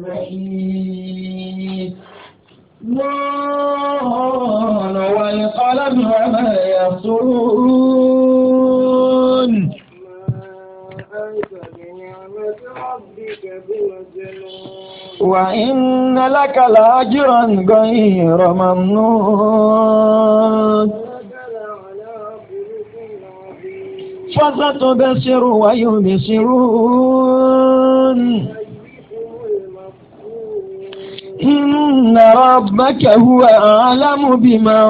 والقلم وما يسطرون وإن لك لأجرا غير ممنون فستبصر ويبصرون إن ربك هو أعلم بمن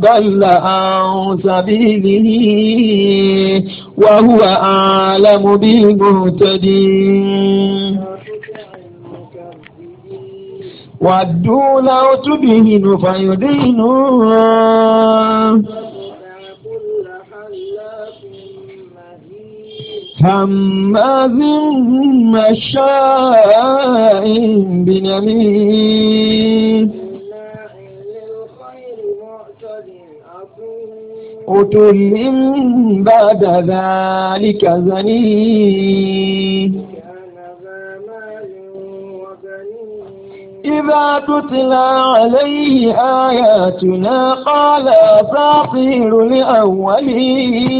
ضل عن سبيله وهو أعلم بالمهتدين ودوا لو تدهن فيدينون هماز مشاء بنميم عتل بعد ذلك زنيم إذا تتلى عليه آياتنا قال أساطير الأولين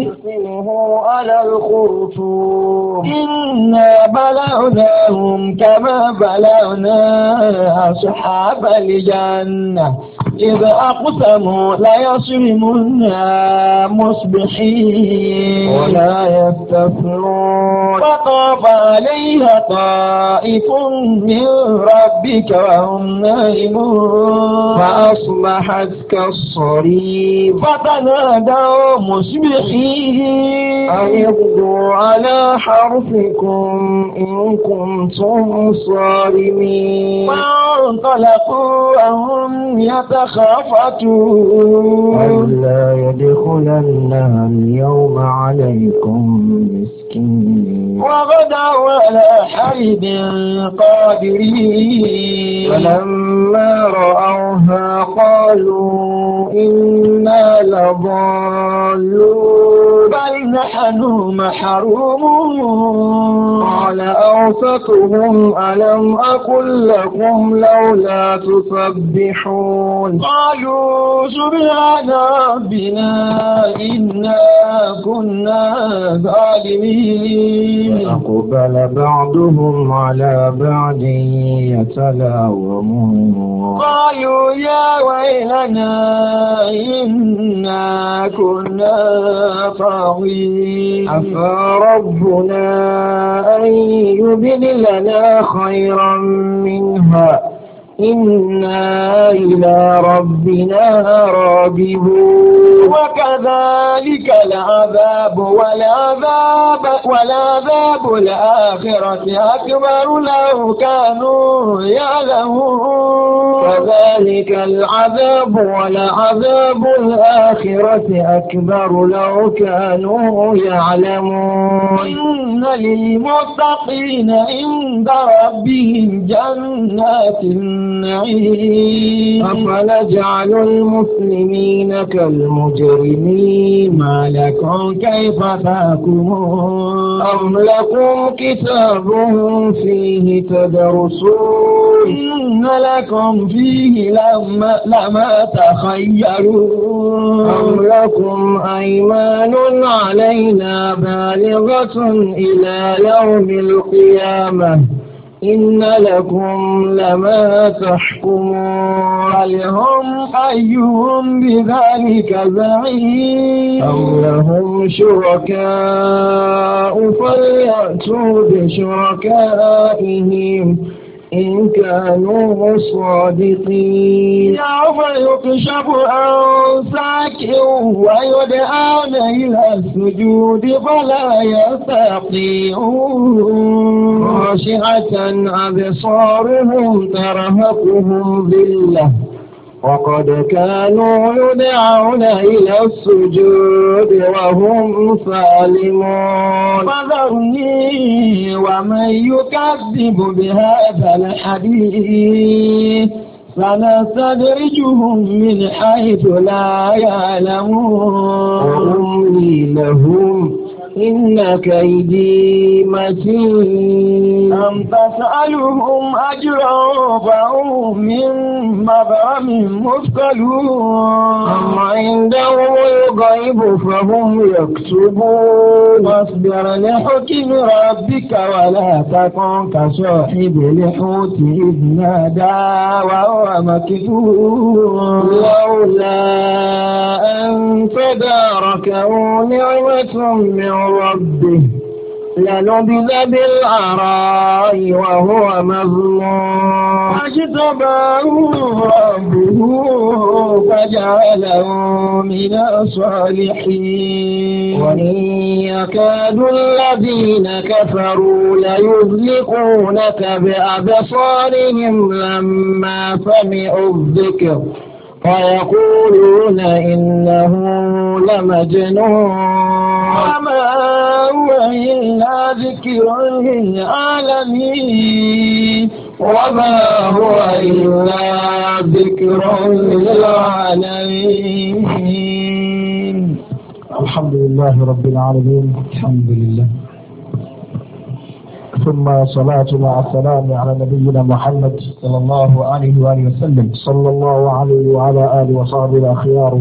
نسيه على الخرطوم إنا بلغناهم كما بلغنا أصحاب الجنة إذا أقسموا لا ليصرمنا مصبحين ولا يستثنون فطاف عليها طائف من ربك وهم نائمون فأصبحت كالصريم فتنادوا مصبحين أن على حرفكم إن كنتم صارمين فانطلقوا وهم يتنادون خفتوا ألا يدخلنها اليوم عليكم مسكين وغدوا على حيد قادرين فلما رأوها قالوا إنا لضالون بل نحن محرومون قال أوسطهم ألم أقل لكم لولا تسبحون قالوا سبحان ربنا إنا كنا ظالمين فأقبل بعضهم على بعض يتلاومون قالوا يا ويلنا إنا كنا طاغين أفربنا أن يبدلنا خيرا منها إنا إلى ربنا راجعون وكذلك العذاب والعذاب والعذاب الآخرة أكبر لو كانوا يعلمون كذلك العذاب والعذاب الآخرة أكبر لو كانوا يعلمون إن للمتقين عند ربهم جنات النعيم أفنجعل المسلمين كالمجرمين ما لكم كيف تحكمون أم لكم كتاب فيه تدرسون إن لكم فيه لما, لما تخيرون أم لكم أيمان علينا بالغة إلى يوم القيامة إن لكم لما تحكمون لهم حيهم بذلك زعيم أو لهم شركاء فليأتوا بشركائهم إن كانوا صادقين سوف يكشف عن ساك ويدعون إلى السجود فلا يستطيعون خاشعة أبصارهم ترهقهم بالله وقد كانوا يدعون إلى السجود وهم سالمون فذرني ومن يكذب بهذا الحديث سنستدرجهم من حيث لا يعلمون وأملي لهم إن كيدي متين أم تسألهم أجرا فهم من مبرم مثقلون أم عندهم الغيب فهم يكسبون واصبر لحكم ربك ولا تكن كصاحب الحوت إذ نادى وهو مكذوب لولا أن تداركه نعمة من ربه لنبذ بالعراء وهو مظلوم فاجتباه ربه فجعله من الصالحين وإن يكاد الذين كفروا ليزلقونك بأبصارهم لما سمعوا الذكر ويقولون إنه لمجنون وما هو إلا ذكر للعالمين وما هو إلا ذكر للعالمين الحمد لله رب العالمين الحمد لله ثم صلاة مع السلام على نبينا محمد صلى الله عليه وآله وسلم صلى الله عليه وعلى آله وصحبه الأخيار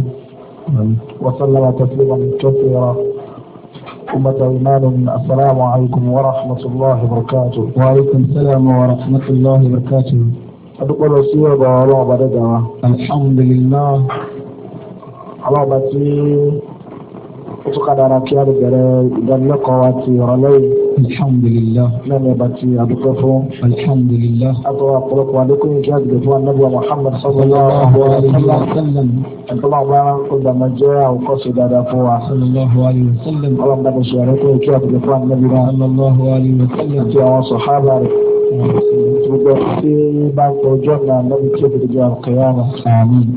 وسلم تسليما كثيرا أمة إيمان السلام عليكم ورحمة الله وبركاته وعليكم السلام ورحمة الله وبركاته أدقل سيرة الله بدجوا الحمد لله على بتي وتقدر كيار الدرجة لقواتي رلي alhamdulillah. lẹ́nu ẹ̀bà tí a dúpẹ́ fún. alhamdulillah. a tọ́ àpọ̀lọpọ̀ àdókò yìí kí a gbẹ̀ fún anábíà muhammad sallallahu alayhi wa sallam. ẹ̀tọ́lá ọba ọgbàmọ̀ jẹ́ àwòkọ́ṣe dáadáa fún wa. sallallahu alayhi wa sallam. ọlọ́mọdé kò ṣe àdókò yìí kí a gbẹ̀ fún anábíà. sallallahu alayhi wa sallam. àti àwọn sọ̀hábà rẹ̀ gbogbo tí bá ń tọjọ́ náà lọ́bi tí ó fi dìjọ́ àkẹyàmọ̀. àmín.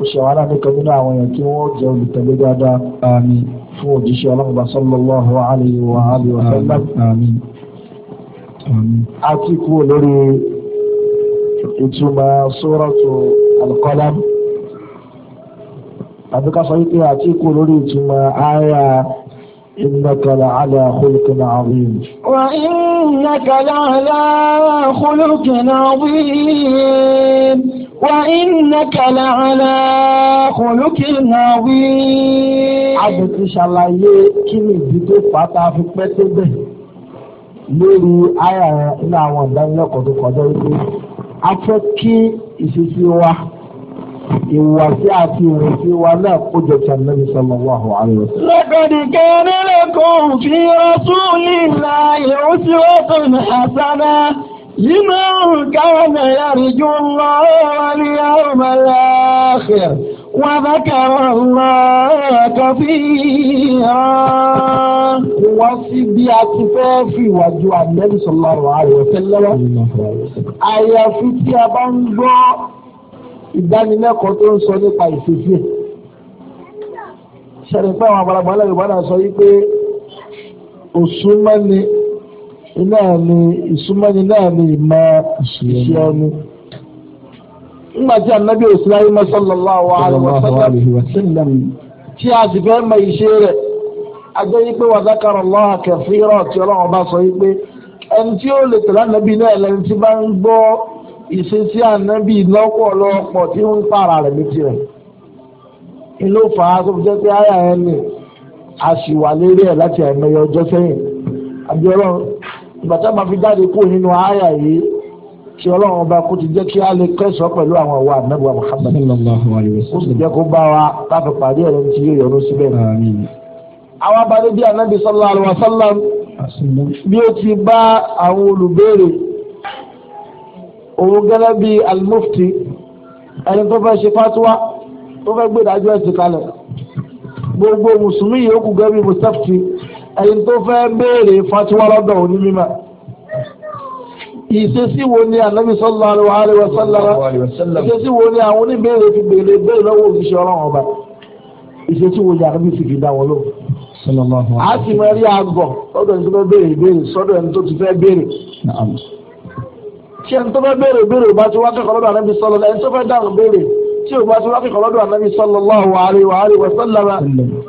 ó ṣe àwọn aláàbẹ̀kẹ́ nínú àwọn èèyàn tí wọ́n jẹ́ olùtẹ̀lé dáadáa. àmín fún òjíṣẹ́ ọlọ́mọba sallallahu alayhi wa alihi wa sallam àti kú lórí ìtumọ̀ suratu al-qalam àti ká sọ wípé àti kú lórí ìtumọ̀ àyà. إنك لعلى خلق عظيم وإنك لعلى خلق عظيم وإنك لعلى خلق عظيم. a bẹ̀ ti ṣàlàyé kí ni ìdí tó pátá fi pẹ́ tó bẹ̀ lórí àyà nínú àwọn ìdánilẹ́kọ̀ọ́ tó kọjá wípé a fẹ́ kí ìṣesí wa ìwàsí àti ìwòsí wa náà kó jọ ti ànábi sallallahu alaihi wasallam. laqad kana lakum fi rasulillahi uswatun hasanah. لمن كان يرجو الله واليوم الآخر وذكر الله كثيرا وفي أكفافي وجوع النبي صلى الله عليه وسلم àyàfi tí a bá ń gbọ́ ìdánilẹ́kọ̀ọ́ tó ń sọ nípa ìfèfè ṣẹlẹ̀ pé àwọn àgbàlagbà aláìbá náà sọ wípé òṣùmọ́ ni. iná ni ìsúnmọ́ni náà ni ìmọ̀ ìṣe ọnu. Nígbà tí tí a sì fẹ́ mọ ìṣe rẹ̀ ajẹ́ yí pé wa zakara Allaha kathira tí ọlọ́run sọ ikpe. ẹni tí ó lè tẹ̀lé ànábì náà lẹni tí bá ń tí ń pààrà rẹ̀ létí ni a sì wà lérí láti àìmọye ìbàtà máa fi jáde kúrò nínú àyà yìí tí ọlọ́run ọba kò ti jẹ́ kí a lè kẹ́sọ̀ pẹ̀lú àwọn ọ̀wà ànábì wa Muhammad kó sì jẹ́ kó bá wa láti pàdé ẹ̀rọ tí yóò yọ̀rọ̀ síbẹ̀. àwọn abadé bíi anabi sallallahu alaihi wasallam bí ó ti bá àwọn olùbéèrè òun gẹ́lẹ́ bíi al ẹni tó fẹ́ ṣe fatuwa tó fẹ́ gbé ìdájọ́ ẹ̀sìn kalẹ̀ gbogbo mùsùlùmí yòókù gẹ́gẹ́ bíi mustafti ẹni tó fẹ́ béèrè fatiwa lọ́dọ̀ òní mímọ́ ìṣesí wo ni anabi sallallahu alaihi wa sallam ìṣesí wo ni àwọn oníbèrè fi béèrè béèrè lọ́wọ́ òṣìṣẹ́ ọlọ́run ọba ìṣesí wo ni anabi sì fi dá wọn lóhùn a sì máa rí àgọ̀ sọ́dọ̀ ẹni tó fẹ́ béèrè béèrè sọ́dọ̀ ẹni tó ti fẹ́ béèrè tí ẹni tó fẹ́ béèrè béèrè bá ti wá kẹ́kọ̀ọ́ lọ́dọ̀ anabi sallallahu ẹni tó fẹ́ dáhùn béèrè tí o bá ti wákìkọ̀ lọ́dọ̀ ànábi sallallahu alaihi wa alihi wa sallam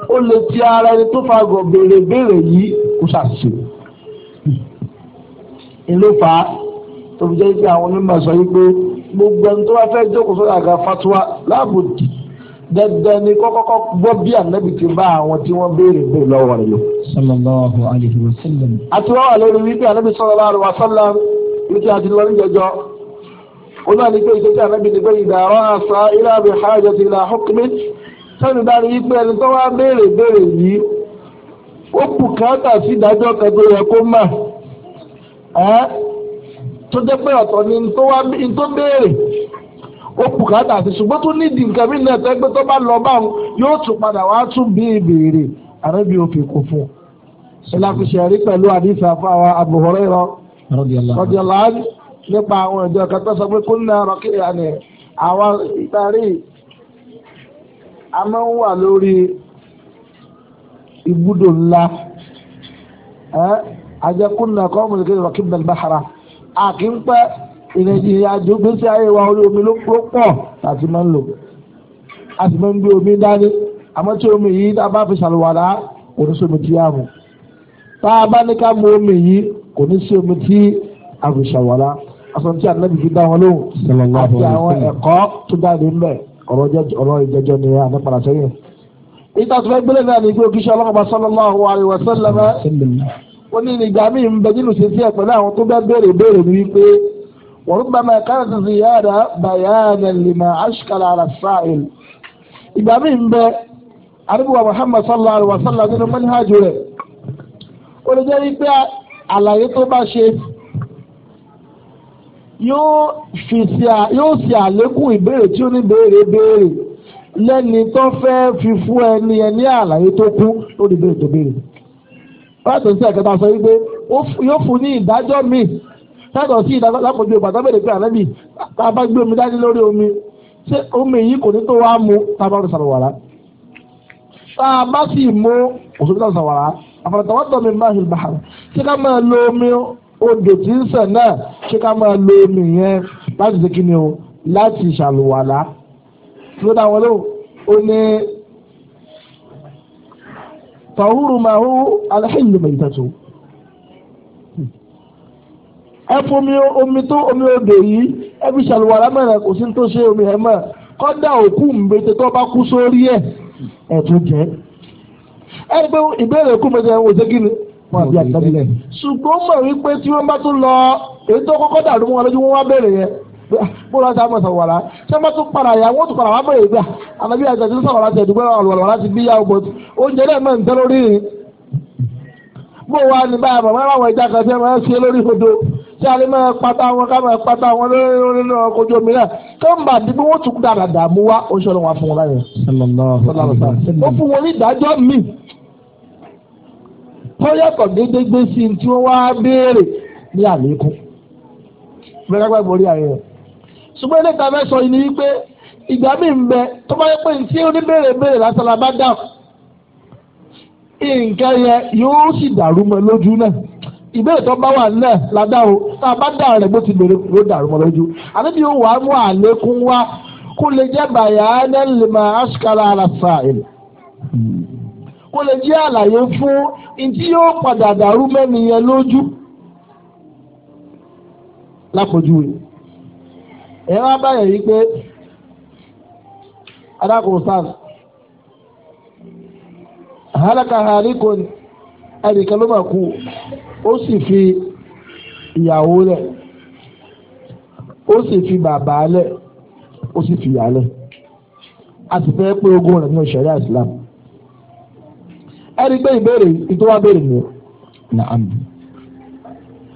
ó lè ti ara ẹni tó fagọ̀ béèrè béèrè yìí kó ṣàṣìṣe. ìlú fa tó fi jẹ́ pé àwọn onímọ̀ sọ yìí pé gbogbo ẹni tó wá fẹ́ jókòó sọ́dọ̀ àga fatuwa láàbòdì dandan ni kọ́kọ́kọ́ gbọ́ bí ànábi ti bá àwọn tí wọ́n béèrè béèrè lọ́wọ́ rẹ̀ lò. sallallahu alaihi wa náà ní pé ìṣẹ́jú ànábì ní pé ìdàrọ́ àṣà ìlàbí hajj ti là hókùnmí sẹ́ni bá rí pé ẹni tó wá béèrè béèrè yìí ó bùkátà sí ìdájọ́ kan tó yẹ kó mà ẹ́ tó jẹ́ pé ọ̀tọ̀ ni tó wá tó béèrè ó bùkátà sí ṣùgbọ́n tó nídìí nǹkan mí náà tẹ́gbẹ́ tó bá lọ báwọn yóò tún padà wá tún bí ìbéèrè àrẹ́bí òfin kò fún un láfi ṣe rí pẹ̀lú àdìsá fún àwọn Abu nípa àwọn ìjọ kan tó sọ pé kó ná ọ̀rọ̀ kíyà ni àwọn ìtàrí a máa ń wà lórí ibùdó ńlá àjẹkùnà kọ́mùnì kí ọ̀rọ̀ kí bẹ̀rẹ̀ bá hara a kì ń pẹ́ ìrìnàjò àjò gbèsè ayé wa orí omi ló pọ̀ láti máa ń lò a sì máa ń gbé omi dání àmọ́ tí omi yìí tá a bá fi ṣàlùwàlá kò ní sí tí a mú tá a bá ní ká mu omi yìí kò ní sí omi tí a fi ṣàlùwàlá asọ̀tí ànábì fi dá wọn lóhùn àti àwọn ẹ̀kọ́ tó dáre ńbẹ̀ ọ̀rọ̀ ìjẹjọ́ ni àdàpàdà sẹ́yìn. ìta tó fẹ́ gbélé náà ni pé òkìṣẹ́ ọlọ́mọba sallallahu alaihi wa sallam ó ní ìgbà míì ń bẹ nínú ṣe sí ẹ̀ pẹ̀lú àwọn tó bẹ́ béèrè béèrè ní wípé wọ́n rúbà máa kára ti sì yára bàyáàna lima ashkala ala sa'il. ìgbà míì ń bẹ àdúgbò Muhammad sallallahu alaihi wa sallam nínú manhaj rẹ̀ ó lè yóò fi ṣe yóò ṣe àlékún ìbéèrè tí ó ní béèrè béèrè lẹ́ni tó fẹ́ fi fún ẹni ẹni àlàyé tó kú lórí béèrè tó béèrè. Láti ṣe ẹ̀kẹta sọ wípé yóò fún ní ìdájọ́ míì sáàtọ̀ sí ìdájọ́ lápòjú ìgbà tábìlì pé àlẹ́ bì tá a bá gbé omi dání lórí omi ṣé omi yìí kò ní tó wá mu tá a bá rò sàrọ̀wàrà. Tá a bá sì mú òṣèlú sàrọ̀wàrà àfàlàtàwọ́tọ̀ mi máa ń ṣe bàrà ṣé ká máa lo omi odò tí ń sàn náà ṣé ká máa lo omi yẹn láti ṣe kíni o láti ṣàlùwàlá ló dá wọn lóhùn ó ní tọ̀húrù máa hú aláhìlì mọ̀ ìtàtù ẹ fomi omi tó omi odò yìí ẹ fi ṣàlùwàlá mẹ́rin kò sí ní tó ṣe omi ẹ̀ mọ́ kọ́dà òkú mbete tó bá kú sórí ẹ̀ ẹ̀ tó jẹ́ ẹ gbé ìbéèrè kú mbete ẹ̀ wò ṣe kíni fún àbí àtẹ́lẹ̀. ṣùgbọ́n mọ̀ wípé tí wọ́n bá tún lọ èyí tó kọ́kọ́ dàrú wọn lójú wọn wá bèrè yẹn bóra ta mọ̀ sàwàrà ṣé wọ́n tún para yà wọ́n tún para wà bẹ̀rẹ̀ gbà àbí àtẹ̀tẹ̀ sàwàrà tẹ̀ dùgbẹ́ ọ̀lọ́wọ́ láti bí yà ọ̀bọ̀ oúnjẹ náà mọ̀ nǹkan lórí yìí. bó wa ní báyà màmá àwọn tọ́yọ̀kọ̀ dédégbé sí tí wọ́n wá béèrè ní àlékún bẹ́ẹ̀ ààrẹ rẹ̀ ṣùgbọ́n ilé mẹ́sàn yìí ni wípé ìgbà mi ń bẹ tó bá yẹ pé tí oníbèrè béèrè lásán la bá dà nǹkan yẹn yóò sì dàrú mọ́ lójú náà ìbéèrè tó bá wà o tá a bá dà rẹ̀ bó ti dàrú mọ́ lójú wà á mú àlékún wá kó lè jẹ́ àlàyé fún ìdí yóò padà dàrú mẹ́niyàn lójú lápòjú rẹ̀ ẹ̀ wá báyẹ̀ yìí pé adákùn sars àhálàkà àríkò ẹnìkan ló mà kú ó sì fi ìyàwó lẹ̀ ó sì fi bàbá lẹ̀ ó sì fi ìyá lẹ̀ a sì fẹ́ pé ogún rẹ̀ nínú ìṣẹ̀lẹ̀ Islam. ẹni pé ìbéèrè ìtò wa béèrè ni na am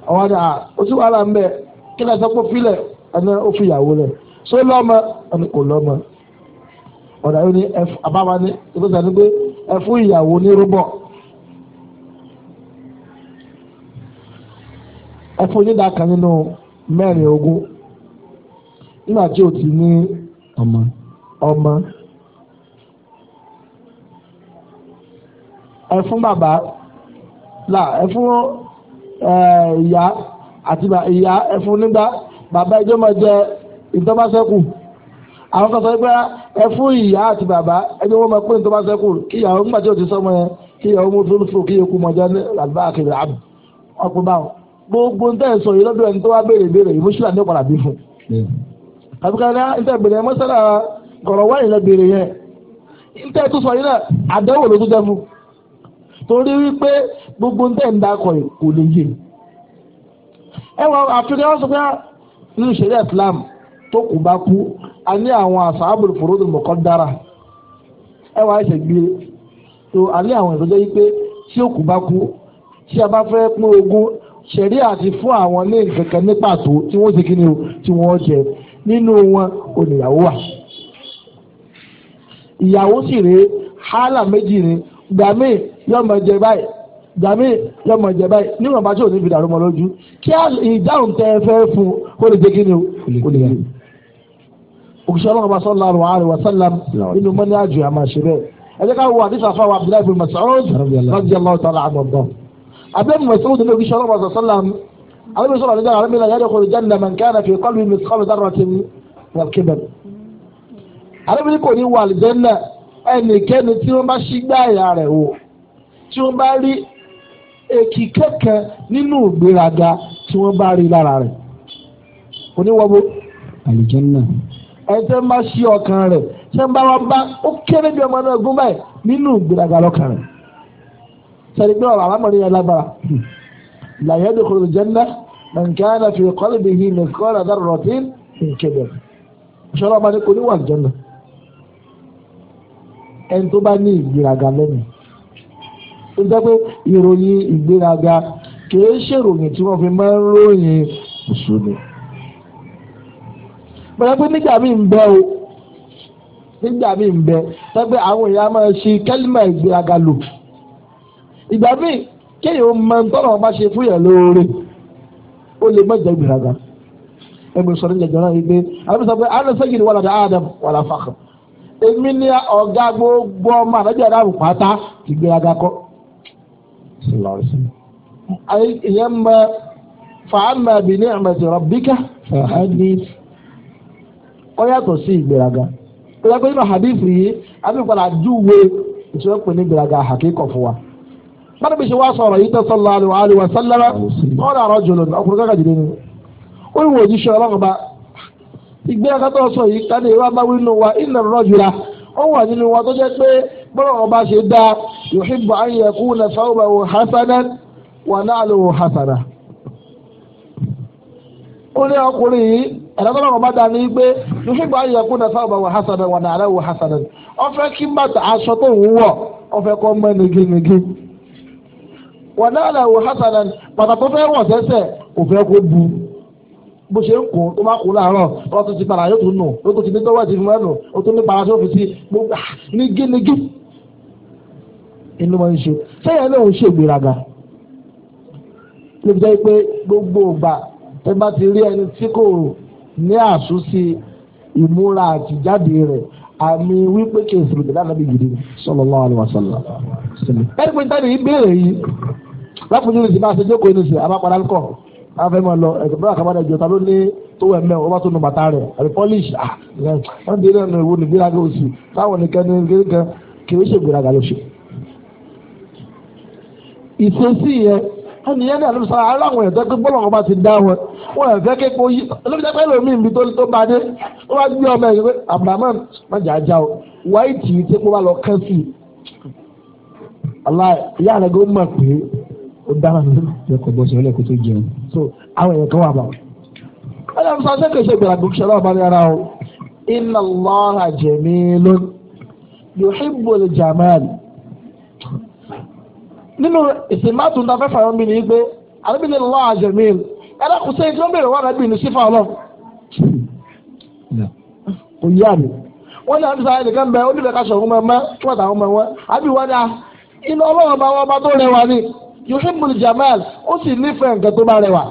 àwọn àti à oṣù wàhálà ń bẹ kí ni ẹsẹ kó filẹ ẹni ó fi ìyàwó rẹ ṣé lọ́mọ ẹni kò lọ́mọ ọ̀dà yóò ní àbáwá ní ìgbésẹ̀ ni pé ẹ ìyàwó ní dàkà nínú ogún nígbà tí o ti ní ọmọ ọmọ. ẹ fún bàbá là ẹ fún ìyá àti ìyá ẹ fún nígbà bàbá ẹjọ́ máa jẹ ìtọ́básẹ́kù àwọn kan sọ pé ẹ fún ìyá àti bàbá ẹjọ́ wọn máa pín ìtọ́básẹ́kù kí ìyàwó nígbà tí o ti sọmọ yẹn kí ìyàwó mú fún fún kí eku mọ̀já ní àbá àkèrè àbù ọkùn báwọn gbogbo ntẹ́ sọ yìí lọ́dọ̀ ẹni tó wá béèrè béèrè ìmúṣílà ní ọ̀pọ̀lọpọ̀ àbí fún. àbíkárá ntẹ́ béèrè mọ́sálà kọ̀rọ̀ wáyé lọ béèrè yẹn ntẹ́ tó yìí náà àdánwò ló tún jẹ́ fún torí wípé gbogbo ń tẹ̀ ń dakọ̀ ẹ̀ kò lè yé ẹ wọ àfihàn wọn sọ pé nínú ìṣẹ̀lẹ̀ Islam tó kù bá kú a ní àwọn àṣàbùrù fòròdù mọ̀kọ́ dára ẹ wọ àṣẹ gbé so a ní àwọn ìtọ́jọ́ yìí pé tí ó kù bá kú tí a bá fẹ́ pín ogún ṣẹ̀rí àti fún àwọn ní nǹkankan ní pàtó tí wọ́n ṣe kí ni o tí wọ́n jẹ nínú wọn oníyàwó wà. ìyàwó sì rèé hálà méjì ni gbàmíì yóò mọ̀ jẹ báyìí jàmí yóò mọ̀ jẹ báyìí níwọ̀n bá tí ò ní fi dàrú mọ́ lójú kí ìdáhùn tẹ ẹ fẹ́ fún kó lè jẹ́ kí ni o kó lè yẹ. òkùsọ̀ ọlọ́run bá sọ́lá àrùn àrùn wàsálàm nínú mọ́ní àjò àmà ṣe bẹ́ẹ̀ ẹ jẹ́ ká wo àdìsá fún àwọn Abdullahi bin Mas'ud radiyallahu ta'ala anhu ọ̀dọ́ abẹ́mu Mas'ud ní òkùsọ̀ ọlọ́run bá sọ́lá àwọn ìṣòro àdìsá àwọn ìlànà yàrá ìkọlù jẹ́ nàmà nǹkan àfi kọ́lù mithqal dharratin wal kibr àdìsá kò ní wà àlìjẹ́ náà ẹnikẹ́ni tí wọ́n bá ṣí gbáàyà rẹ̀ wò tí wọ́n bá rí èkì kẹ̀kẹ́ nínú ìgbéraga tí wọ́n bá rí lára rẹ̀ oníwọ́bó àlìjẹ́nà ẹ̀jẹ̀ máa ṣí ọkàn rẹ̀ ṣé ń bá wọn bá ó kéré bí ọmọ náà gún báyìí nínú ìgbéraga lọ́kàn rẹ̀ sẹ́ni pé ọ̀rọ̀ àlámọ̀rin yẹn lágbára làyẹ̀ dè kúrò jẹ́nà nǹkan àfi kọ́lé bìí ní kọ́lá dá rọ̀tín nkébẹ̀ ṣọlá ọmọdé kò ní tó jẹ́ pé ìròyìn ìgbéraga kìí ṣèròyìn tí wọ́n fi máa ń ròyìn mùsùlùmí. bẹ́ẹ̀ pé nígbà míì ń bẹ o nígbà míì ń bẹ tẹ́gbẹ́ àwọn èèyàn máa ṣe kẹ́límà ìgbéraga lò ìgbà míì kéèyàn mọ tọ́nà wọn bá ṣe fún yẹn lóore ó lè má jẹ́ ìgbéraga ẹgbẹ́ sọ̀rọ̀ ìjẹ̀jọ́ náà yìí pé àwọn sọ pé àwọn sẹ́yìn wà ládàá Adam wà èmi ni ọ̀gá gbogbo ọmọ àdájọ́ ìdáàbò pátá ìgbéraga kọ́. صلى الله عليه وسلم أي يما فأما بنعمة ربك فحدث ó yàtọ̀ sí ìgbéraga ìgbéraga nínú hadith yìí abíkọ́lá júwe ìṣòro pè ní ìgbéraga àkíkọ̀ fún wa. bá níbi ṣe wá sọ̀rọ̀ yìí tó sallallahu alaihi wa sallam ọ̀rọ̀ àrọ̀ jùlọ ọkùnrin kankan jùlọ ni ó ní wòjú ṣe ọlọ́run bá ìgbéraga tó bọ́lá wọn ṣe dá yuhibbu an yakuna thawbahu hasanan wa na'luhu hasana. ó ní ọkùnrin yìí ẹ̀rọ bọ́lá wọn bá dá ní pé yuhibbu an yakuna thawbahu hasanan wa na'luhu hasanan. ó fẹ́ kí aṣọ tó ń wọ̀ ó fẹ́ bu bó ṣe ń kó tó bá kó ti padà yóò tún nù inú máa ń ṣe sẹ́yìn náà ń ṣe ìgbéraga níbi jẹ́ pé gbogbo ìgbà ẹ bá ti rí ẹni tí kò ní àsúnṣe ìmúra àtijáde rẹ̀ àmì wípé kí èsì lòdì láti gidi sallallahu alaihi wasallam. ẹni pé táyà ìbéèrè yìí lápòjú ní ìsìnbá àṣejọ kò ní ìsìn àbápadà ńkọ afẹ́ mọ̀ lọ ẹ̀sìn bá àkàbàdà ìjọ ta ló ní tó wẹ̀ mẹ́wọ̀ ọba tó nu bàtà rẹ̀ àbí pọ́líṣì à wọ́n ti rí ẹnu ìwo nìgbéraga òsì táwọn nìkan ní kékeré kan kì í ṣègbéraga lóṣù ìṣesí yẹn ẹni yẹn náà ló sọ aláwọn èèyàn tó pé bọ́lọ̀ wọn bá ti dá wọn wọn ẹ̀ fẹ́ kéko yí olóbìnrin pẹ́ lómi ìbí tó tó bá dé ó bá gbé ọmọ ẹ̀yìn pé abrahamu má jà á já o wáyé tì í tí kó bá lọ kán sí i aláì ìyá rẹ̀ gbé mọ̀ pé ó dára nínú. lọkọ̀ bọ́sẹ̀ ọlẹ́kùn tó jẹun. so àwọn èèyàn kan wà bá wọn ẹ̀rọ sọ ṣé kò ṣe gbèrà kò ṣe lọ́wọ́ bá nínú ìsìnmátù ní afẹ́fẹ́ àwọn obìnrin gbé àdébí ní lọ́wọ́ àjẹmíìl ẹ̀rọ kò sẹ́yìn tí wọ́n béèrè wà lábì ní sífà ọlọ́ kò yá mi wọ́n ní àbísà ẹnìkan bẹ oníbẹ̀ ká sọ̀rọ̀ ọmọ ẹ̀mẹ́ tí wọ́n tà ọmọ ẹ̀wẹ́ àbí wọ́n ah, ọlọ́run bá wọn bá tó rẹwà ni ó sì nífẹ̀ẹ́ nǹkan tó bá rẹwà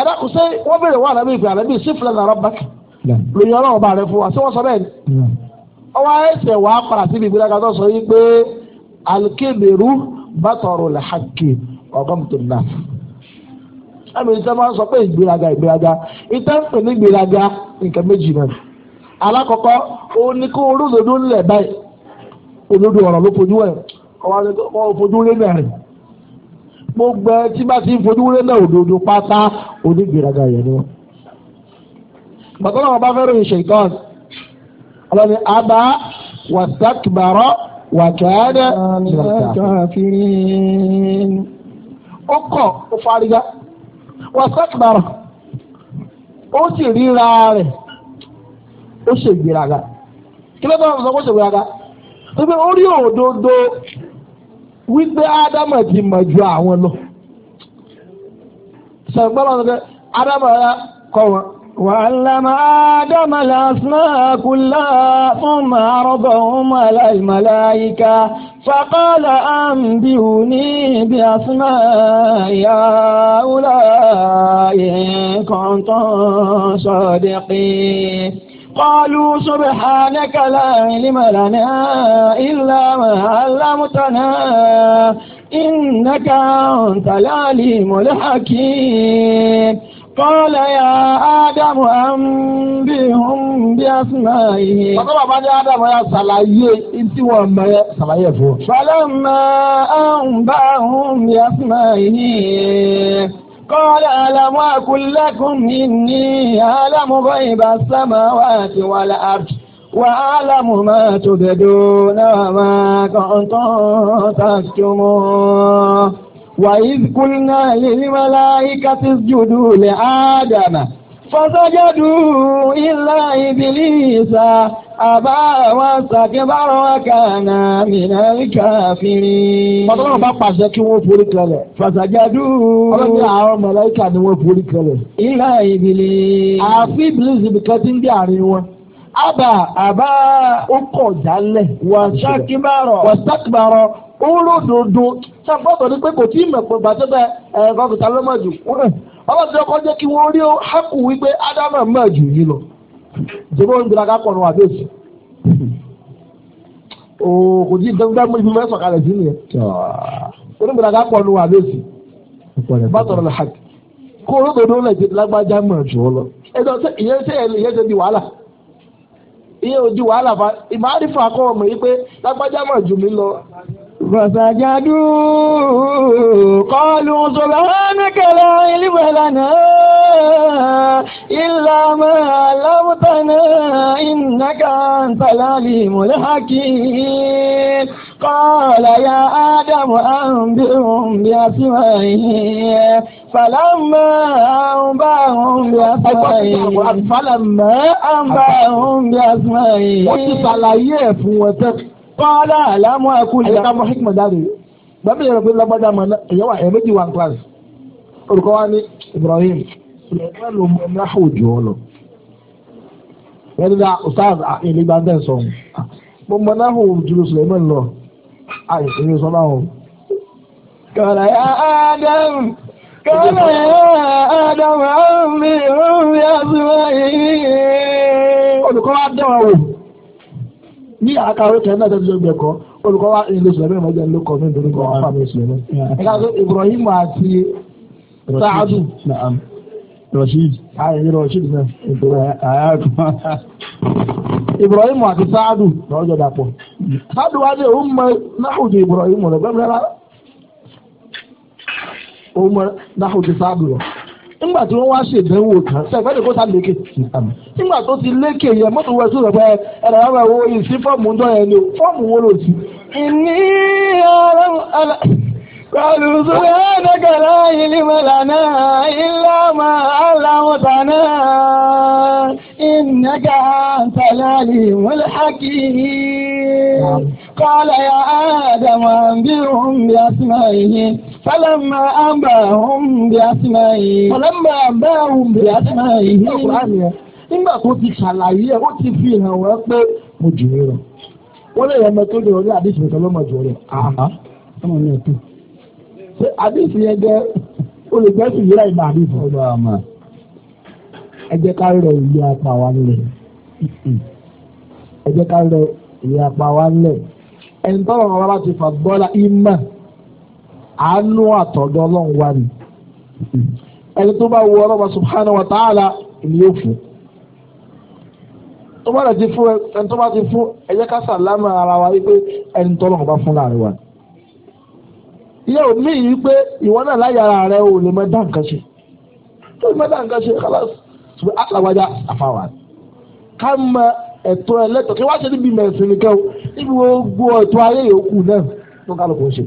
ẹ̀rọ kò sẹ́yìn wọ́n wà wa bàtọ̀rọ̀ làhàkì ọ̀gọ́mùtò náà. àmì ìtàn máa ń sọ pé ìgbéraga ìgbéraga ìtàn pè ní ìgbéraga nǹkan méjì náà. alákọ̀ọ́kọ́ ó ní kó olódodo ńlẹ̀ báyìí olódo ọ̀rọ̀ ló fojú ẹ̀ ọ̀wọ́n fojú rẹ̀ náà rìn gbogbo ẹ tí bá ti ń fojú rẹ̀ náà òdodo pátá onígbéraga yẹn ni wọn. bàtọ́ wọn bá fẹ́ràn ìṣèkọ́s ọlọ́ni àbá wàsákìbàrọ́ وكان من الكافرين ọkọ̀ ó fárígá wàsákìbàrà ó sì ríra rẹ̀ ó ṣe gbéraga kí ló dáhùn sọ pé ó ṣe gbéraga wípé ó rí òdodo wípé ádámà ti mọ̀ ju àwọn lọ sọ̀gbọ́n وعلم آدم الأسماء كلها ثم عرضهم على الملائكة فقال أنبئوني بأسماء هؤلاء إن كنتم صادقين قالوا سبحانك لا علم لنا إلا ما علمتنا إنك أنت العليم الحكيم قال يا آدم أنبئهم بأسمائهم Bàbá bàbá ní Ádámù ya ṣàlàyé tí wọ́n mọ̀ ẹ́ ṣàlàyé fún ọ. فلما أنبأهم بأسمائهم قال ألم أقل لكم إني أعلم غيب السماوات والأرض وأعلم ما تبدون وما كنتم تكتمون. وإذ قلنا للملائكة اسجدوا لآدم فسجدوا إلا إبليس أبى واستكبر وكان من الكافرين. Fọ́tọ́lọ́wọ́ bá pàṣẹ kí wọ́n forí kalẹ̀. Fàṣàjádù. Ọlọ́dún àwọn mọ̀láìkà ni wọ́n forí kalẹ̀. Ilá ìbílí. Àfi ìbílísì nìkan ti ń dé àárín wọn. olódodo sábàtọ̀ ni pé kò tí ì mẹ̀pọ̀ gbàtẹ́bẹ̀ ẹ̀ẹ́dọ́ kìtà ló mọ̀ jù ọkọ jẹ́ kí wọ́n rí hákù wípé ádámà mọ̀ jù yìí lọ jẹ́bọ́ ń gbìlá kákọ̀ọ̀nù àbẹ́sì ooo kò tí ì gbẹ́gbẹ́ ibi mẹ́sàn kalẹ̀ sí ní gbìlá bàtọ̀rọ̀ kó olódodo ti lágbájá mọ̀ jù ọ ìyẹn wàhálà fa kọ́ ọmọ فسجدوا قالوا سبحانك لا علم لنا إلا ما علمتنا إنك أنت العليم الحكيم قال يا آدم أنبئهم بأسمائهم فلما أنبأهم بأسمائهم فلما أنبأهم بأسمائهم wọ́n ti ṣàlàyé ẹ̀ fún wọn tẹ́tù kọ́lá àlámú ẹkú ìyá. ẹ̀ka mọ̀ hikma dáre gbàmí yẹn pé lágbájá mọ̀ ẹ̀yẹ́ wà ẹ̀mẹ́jì wà class olùkọ́ wa ní Ibrahim ẹ̀ka ló mú ẹ̀mí láhà òjò ọ lọ. wọ́n ti dá ustaz ìlígbà bẹ́ẹ̀ sọ mo mọ náà hò jùlọ Suleiman lọ àyè ìyẹn sọ náà hò. kọ́lá yá Ádámù. قال يا آدم أنبئهم بأسمائهم. olùkọ́ wa dẹ́wà ní àkàrò tẹ̀ náà tẹ̀síọ́ gbẹ̀ kọ́ olùkọ́ wa ìlú sùlẹ̀mí ìmọ̀jẹ ló kọ́ mí nítorí kọ́ fàmí sùlẹ̀mí. ẹ̀ka sọ Ibrahim àti Saadu. Rashid. ayé Rashid Ibrahim àti Saadu dàpọ̀. Saadu wa dé òun mọ náà Ibrahim òun mọ náà Saadu nígbà tí wọ́n wá ṣèdánwò kan sẹ́gbẹ́ni kó sá lékè nígbà tó ti lékè yẹn mọ́tò wẹ̀ tó rẹ̀ ẹ̀rọ ẹ̀rọ wo ìsín fọ́ọ̀mù ń dọ́yẹn ni fọ́ọ̀mù wo ló sí. ìní ọlọ́run kọlu subhanaka la ilma lana illa ma 'allamtana innaka antal alimul hakim. قال يا آدم أنبئهم بأسمائهم فلما أنبأهم بأسمائهم فلما أنبأهم بأسمائهم nígbà tó ti ṣàlàyé ẹ ó ti fi hàn wá pé mo jù ú rọ wọn lè mọ tó dèrò ní lọ́mọ jù rẹ ọmọ mi ò tó ṣe yẹn olùgbẹ́sì ká rẹ ìlú apá wa ká rẹ ìlú apá wa ẹni tọ́lọ̀ wọn bá ti fà gbọ́lá ìmọ̀ àánú àtọ̀dọ̀ ọlọ́run wá ni ẹni tó bá wọ ọlọ́ba subhanahu wa ta'ala ni yóò fún tó bá rẹ̀ ti fún ẹni tó bá ti fún ẹ̀yẹ kásá lámà ara wa wípé ẹni tọ́lọ̀ wọn bá fún láàrin wa. ìyá ò ní ìyí pé ìwọ náà láyé ara rẹ ò lè mẹ́ta nǹkan ṣe tó lè mẹ́ta nǹkan ṣe kálá ṣùgbọ́n àtàwájá àfàwà ká mọ ẹ̀tọ́ ẹlẹ́tọ̀ kí wá ṣe níbi mẹ̀sìn nìkan o níbi gbogbo ètò ayé yòókù náà tó kálukú ṣe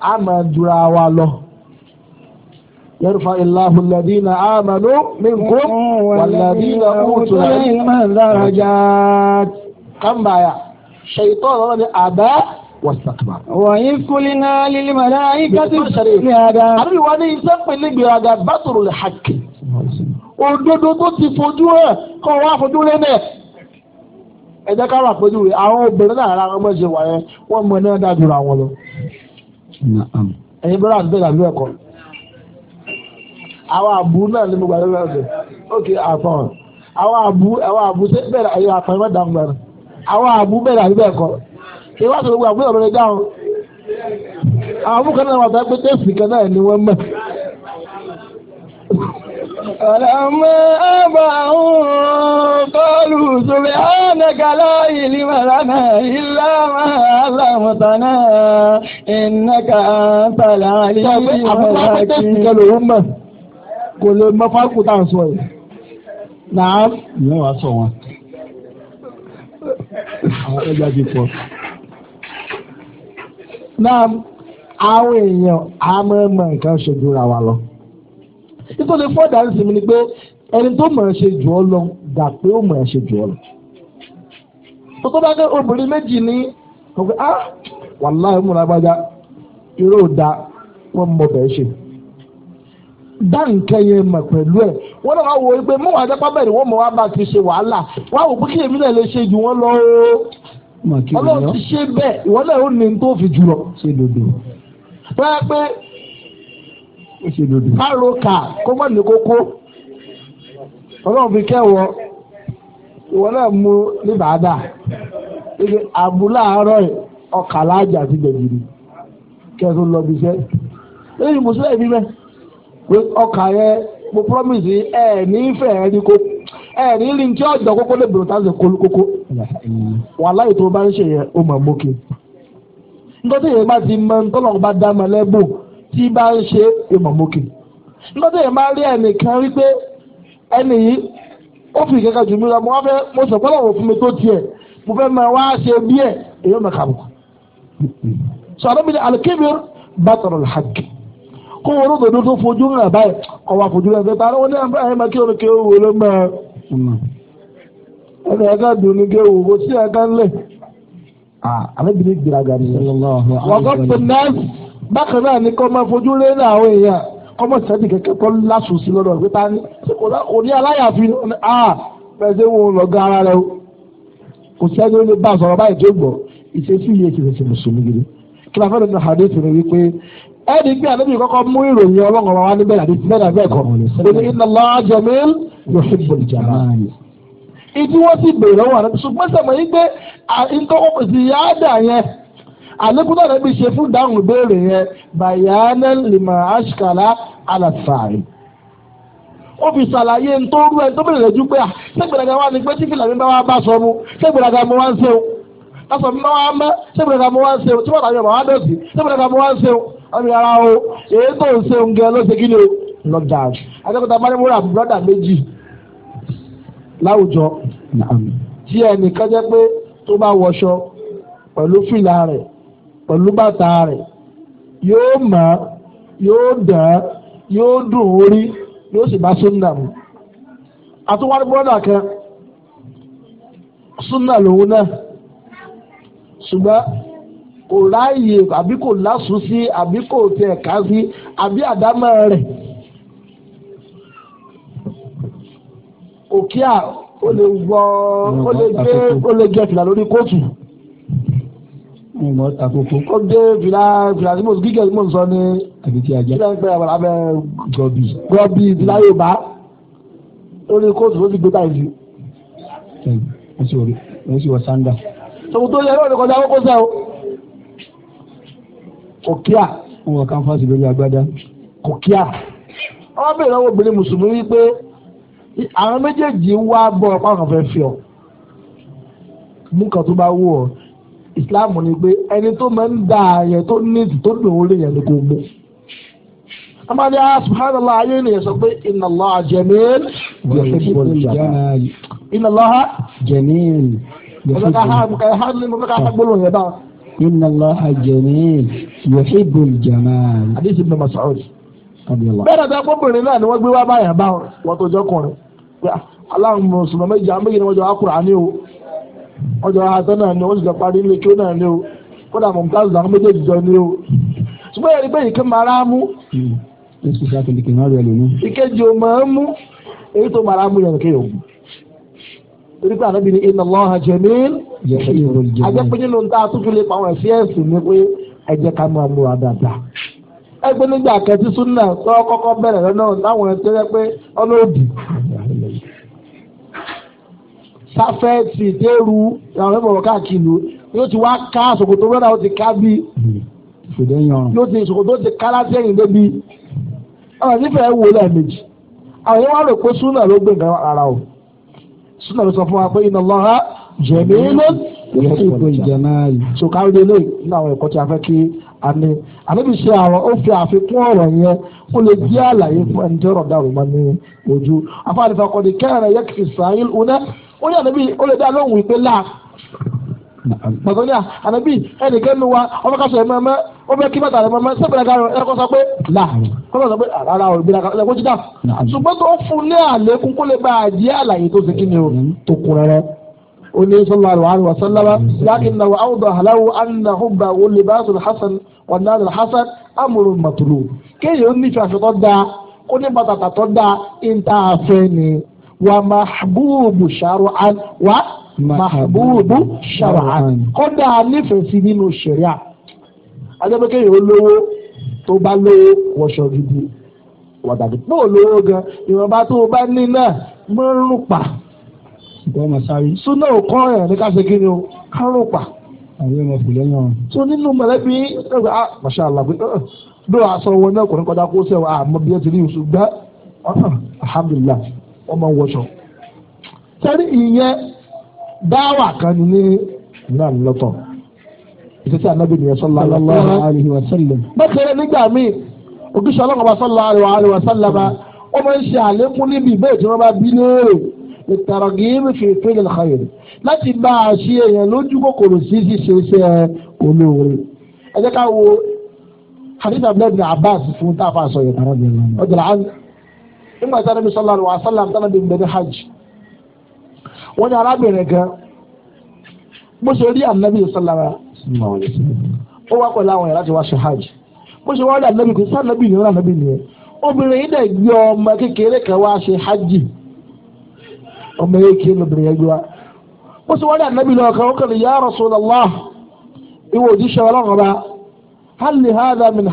a máa dúra wa lọ. يرفع الله الذين آمنوا منكم والذين أوتوا العلم درجات كم بايع شيطان أبى واستكبر وإذ قلنا للملائكة اسجدوا لآدم àbí wọn ní iṣẹ́ pẹ̀lú ìgbéraga bàtùrù lè hàkì òdodo ẹ jẹ́ ká ràpéjú rẹ̀ àwọn obìnrin náà ara wọn mọ̀ ṣe wà yẹn wọ́n mọ náà dájú ra wọn lọ. ẹ̀yin bẹ́rẹ̀ àti bẹ́ẹ̀ àbí ẹ̀kọ́ àwọn àbú náà ni mo gbà lọ́wọ́ ẹ̀sẹ̀ ókè àfọ̀n àwọn àbú àwọn àbú bẹ́ẹ̀ àyè àfọ̀n mẹ́ta ń gbàrà àwọn àbú bẹ́ẹ̀ àbí bẹ́ẹ̀ kọ́ ìwádìí gbogbo àbúrò ọ̀bẹ̀rẹ̀ dáhùn àwọn àbú kan náà wà فلما أبعهم قالوا سبحانك لا علم لنا إلا ما علمتنا إنك أنت العليم الحكيم kò lè mọ fáàkù tá à ń sọ yìí. Nàá. Ìyá wa sọ wọn. Àwọn ẹja ti pọ̀. Náà àwọn èèyàn á mọ̀ mọ̀ nǹkan ṣojú ra wa lọ nítorí fọ́ọ̀dà ń sinmi ni pé ẹni tó mọ̀ ẹ́ ṣe jù ọ lọ gbà pé ó mọ̀ ẹ́ ṣe jù ọ lọ. tó bá dé obìnrin méjì ní ọ̀gbẹ́ ah wàláhì múra gbájá irú òda wọn mọ bẹ́ẹ̀ ṣe. dá nǹkan yẹn mọ̀ pẹ̀lú ẹ̀ wọ́n náà wá wo pé mọ́ wàá jápá bẹ̀rẹ̀ wọ́n mọ̀ wá bá ti ṣe wàhálà wá wò pé kí èmi náà lè ṣe jù wọ́n lọ o. ọlọ́run ti ṣe bẹ́ẹ̀ ìwọ náà ó ní káàró kà kó má lè kókó ọlọ́run fi kẹ́wọ́ ìwọ náà mú níbàdà ibi àbúlà àárọ̀ ọkàlà àjà ti gbẹ̀gìrì kẹ́ẹ̀tọ́ lọ bí iṣẹ́ lẹ́yìn mùsùlùmí bí bẹ́ẹ̀ pé ọkà yẹn mo promise ẹ̀ ní ìfẹ́ ẹ̀ ní kó ẹ̀ ní rí ní ọjọ́ kókó lè bèrè táwọn ṣe kókó wàláhì tó bá ń ṣe yẹn ó mà mókè nítorí èyí má ti mọ nítorí ọ̀gbá dá mọ lẹ́gbọ̀n tí bá ń ṣe ìmọ̀mọ́kè nígbà tó yẹ máa rí ẹnìkan rí pé ẹnì yìí ó fi kẹ́kẹ́ jù mí lọ mo fẹ́ mo sọ pé lọ́wọ́ fún mi tó tiẹ̀ mo fẹ́ máa wá ṣe bí ẹ̀ èyí mọ̀ kàbọ̀. sọ àdóbi ni alikébìr bá tọrọ làákì kó wọn ló dòdò tó fojú hàn báyìí kọ́ wa fojú hàn báyìí tààrà ní àbáyé máa kí orin kéwù wọlé máa ẹnì ẹ̀ka dùn ní kéwù kò sí ẹ̀ka ńlẹ̀. àlẹ́ bi ni gbìyànjú àgbà ni. kọ́ bákan náà ni kọ́ máa fojú lé ní àwọn èèyàn kọ́ mọ̀ sẹ́ni kẹ̀kẹ́ kọ́ lásùn sí lọ́dọ̀ pé tani kò ní aláyàfin ah pẹ̀lú wọn lọ gan ara rẹ o kò sí ẹni lè bá sọ̀rọ̀ báyìí tó gbọ́ ìṣesí yìí ti fẹsẹ̀ mùsùlùmí gidi kí la fẹ́ lọ́dún hadith rẹ wípé ẹni bí àdébí kọ́kọ́ mú ìròyìn ọlọ́run wa níbẹ̀ àti mẹ́ta bẹ́ẹ̀ kọ́ ní inna Allah jamil yuhibbul jamal ibi wọ́n ti bèrè lọ́wọ́ àdébí ṣùgbọ́n sẹ́mi yìí pé ìtọ́kọ̀ sí yáàdà yẹn àlékún náà lẹ́bi ṣe fún dáhùn ìbéèrè yẹn bàyánẹ́ lèmọ̀ àṣìkàlà àlàfààrí. ó fi ṣàlàyé tó rú ẹ tó bèrè lójú pé à ah, ṣégbèrèga wa ni pé tí fìlà mi bá wa bá sọ mu ṣégbèrèga mo wá ń ṣe o lọ́sọ̀ mi bá wa mẹ́ ṣégbèrèga mo wá ń ṣe o tí wọ́n tàbí ọ̀bà wa dọ̀tí ṣégbèrèga mo wá ń ṣe o ọ̀bì ara o èyí tó ń ṣe oúnjẹ ló ṣe kí ni o lọ́dà àdókòtà mọ́nìmọ́ra bùrọ́dà méjì láwùjọ tí ẹnìkan jẹ́ pé tó bá wọṣọ pẹ̀lú fìlà rẹ̀ pẹ̀lú bàtà rẹ̀ yóò mọ̀ yóò dán yóò dùn orí yóò sì bá súnà mu àtúwárí bọ́dà kan súnà lòun náà ṣùgbọ́n kò ráàyè àbí kò lásùn sí àbí kò tiẹ̀ ká sí àbí àdámọ́ rẹ̀ òkè à ó lè gbọ́ ó lè gbé ó lè gẹ̀fìlà lórí kóòtù. mọ takoko. ó dé fìlà fìlà tí mo gígẹ̀ tí mo sọ ní. àbí ti àjẹ. fìlà ń pẹ́ àwọn abẹ́ gọ̀bì. gọ̀bì fìlà yorùbá lórí kóòtù ló ti gbé báyìí sí. wọ́n sì wọ wọ́n sì wọ sanda. sọ̀rọ̀ tó yẹ lọ́wọ́ ní kọjá kókó sẹ́ o. kò kíá. wọ́n wọ káńfàsì lórí agbádá. kò kíá. wọ́n lọ́wọ́ obìnrin mùsùlùmí pé àwọn méjèèjì wá bọ̀ ọ̀pá kan fẹ́ fi ọ̀ islam ni pé ẹni tó máa ń da yẹn tó nídìí tó dùn orí yẹn ni kò mú. amadi ah subhanallah ayé ni yẹn sọ pé inna Allaha jamil yuhibbul jamal inna Allaha jamil yuhibbul jamal. mo fẹ́ ká ha gbólóhùn yẹn báwọn. inna Allaha jamil yuhibbul jamal. hadith ibn Mas'ud bẹ́ẹ̀ náà tẹ́kọ̀ọ́bìnrin náà ni wọ́n gbé wá báyà báwọn wọ́n tó jọkùnrin aláwọn ah, mùsùlùmí méjì àwọn ni wọ́n jọ wá wọ́n jọ ara tán náà ni wọ́n sì jọ parí ilé kí ó náà ni o kódà mọ̀mùtáàzù méjèèjì jọ ni o ṣùgbọ́n ẹ̀rí pé ìké mara mú. ìkejì ò máa mú èyí tó mara mú yẹn kéèyàn o torí pé ànábì ni inna Allaha jamil nínú a lè pa àwọn ẹ̀sìn ẹ̀sìn ni pé ẹ ká máa dáadáa ẹgbẹ́ nígbà kẹtí súnà tó kọ́kọ́ sáfẹ́ẹ̀tì dẹ́rù àwọn ẹ̀fọ́ káàkiri yóò ti wá ká ṣòkòtò brọ́dà ó ti ká bí yóò ti ṣòkòtò ó ti ká láti ẹ̀yìn débi àwọn ìdífẹ́ wò lẹ́ẹ̀mejì àwọn yẹn wá rò pé súnà ló gbé nǹkan ara o súnà ló sọ fún wa pé iná lọ́ha jẹ̀mí ló ìfẹ́ ìjẹ̀máàlì. so ká lè lè ní àwọn ẹ̀kọ́ tí a fẹ́ kí a ní àníbi ṣe àwọn ó fi àfikún ọ̀rọ̀ yẹn kó lè jẹ́ àlàyé fún ẹni tí ọ̀rọ̀ dàrú mọ́ ní ojú afáàlì fàkọ́dé kẹrẹ̀ yẹ kìí sàn ó yà níbi ó lè dá lóhùn wípé láà gbàgbọ́n ní ànábì ẹnìkan nu wa ọmọ ká sọ ẹ̀mọ́ ẹ̀mọ́ ó fẹ́ kí bàtà ẹ̀mọ́ ẹ̀mọ́ sẹ́gbẹ̀rẹ̀ ká rẹ̀ ẹ̀kọ́ sọ pé là kọ́lọ́ sọ pé rárá o ìgbéra ẹ̀kọ́ jíjà ṣùgbọ́n tó fún ní àlékún kó lè bá a jẹ́ àlàyé tó ṣe ni o tó kún rẹ́rẹ́ ó ní sọ́lá àlùwà àlùwà sọ́lábà láti nà wà áwùdọ̀ àláwù àná hùbà ó lè bá sọ̀rọ̀ hasan wà náà sọ̀rọ̀ hasan amúrò màtúlù kéèyàn nífẹ̀ẹ́ àṣetọ́ da kó ní bàtàtà tó da ìta ni wà mahbubu shar'an wà mahbubu shar'an kọ́dà nífẹ̀ẹ́ sí nínú ṣẹ̀ríà ajẹ́pẹ́kẹ́ yìí ó lówó tó bá lówó wọṣọ gidi wàdàdì pé ò lówó gan ìwọ̀nba tó o bá ní náà mọ́rùn pa súnà òkọ́ ẹ̀ ní ká ṣe kí ni o kárùn pa àwọn ọmọ kò lẹ́yìn ọ̀run. tó nínú mọ̀lẹ́bí ẹgbẹ́ ah masha allah ah, bí wàá sọ wọn náà kò ní kọjá kó sẹ́wọ̀n àmọ́ bí ẹ ti rí oṣù gbẹ́ alhamdulilah wọ́n máa ń wọṣọ. sẹ́ni ìyẹn dáwà kan ní náà lọ́tọ̀ ìtẹ́sí anábì nìyẹn sallallahu alaihi wa sallam. bákẹ́rẹ́ nígbà míì ògìṣẹ́ ọlọ́kọ̀ọ́ba sallallahu alaihi wa sallam ó máa ń ṣe àlékún níbi ìbéèrè tí wọ́n bá bí léèrè ìtàrọ̀gìrì fi ìpínlẹ̀ lọ́kọ̀ọ́yẹ̀ láti bá a ṣe èèyàn lójú kòkòrò sí ṣíṣe iṣẹ́ olóore. ẹ jẹ́ ká wo hadith abdullahi abbas fún táfà sọ̀yẹ̀ ọ̀dọ̀ nígbà tí anábì sọlá wà sálàm tí anábì ń bẹ hajj wọ́n ni arábìnrin gan bó ṣe rí anábì sọlá wa ó wá pẹ̀lú àwọn yàrá ṣe hajj bó ṣe wá rí anábì kò sí anábì nìyẹn anábì nìyẹn obìnrin yìí dẹ̀ gbé ọmọ kékeré kan wá ṣe hajj ọmọ yìí kí yẹn gbé bó ṣe rí kan ó kàn ní ya Rasulullah ìwọ òjíṣẹ́ ọlọ́run ọba hal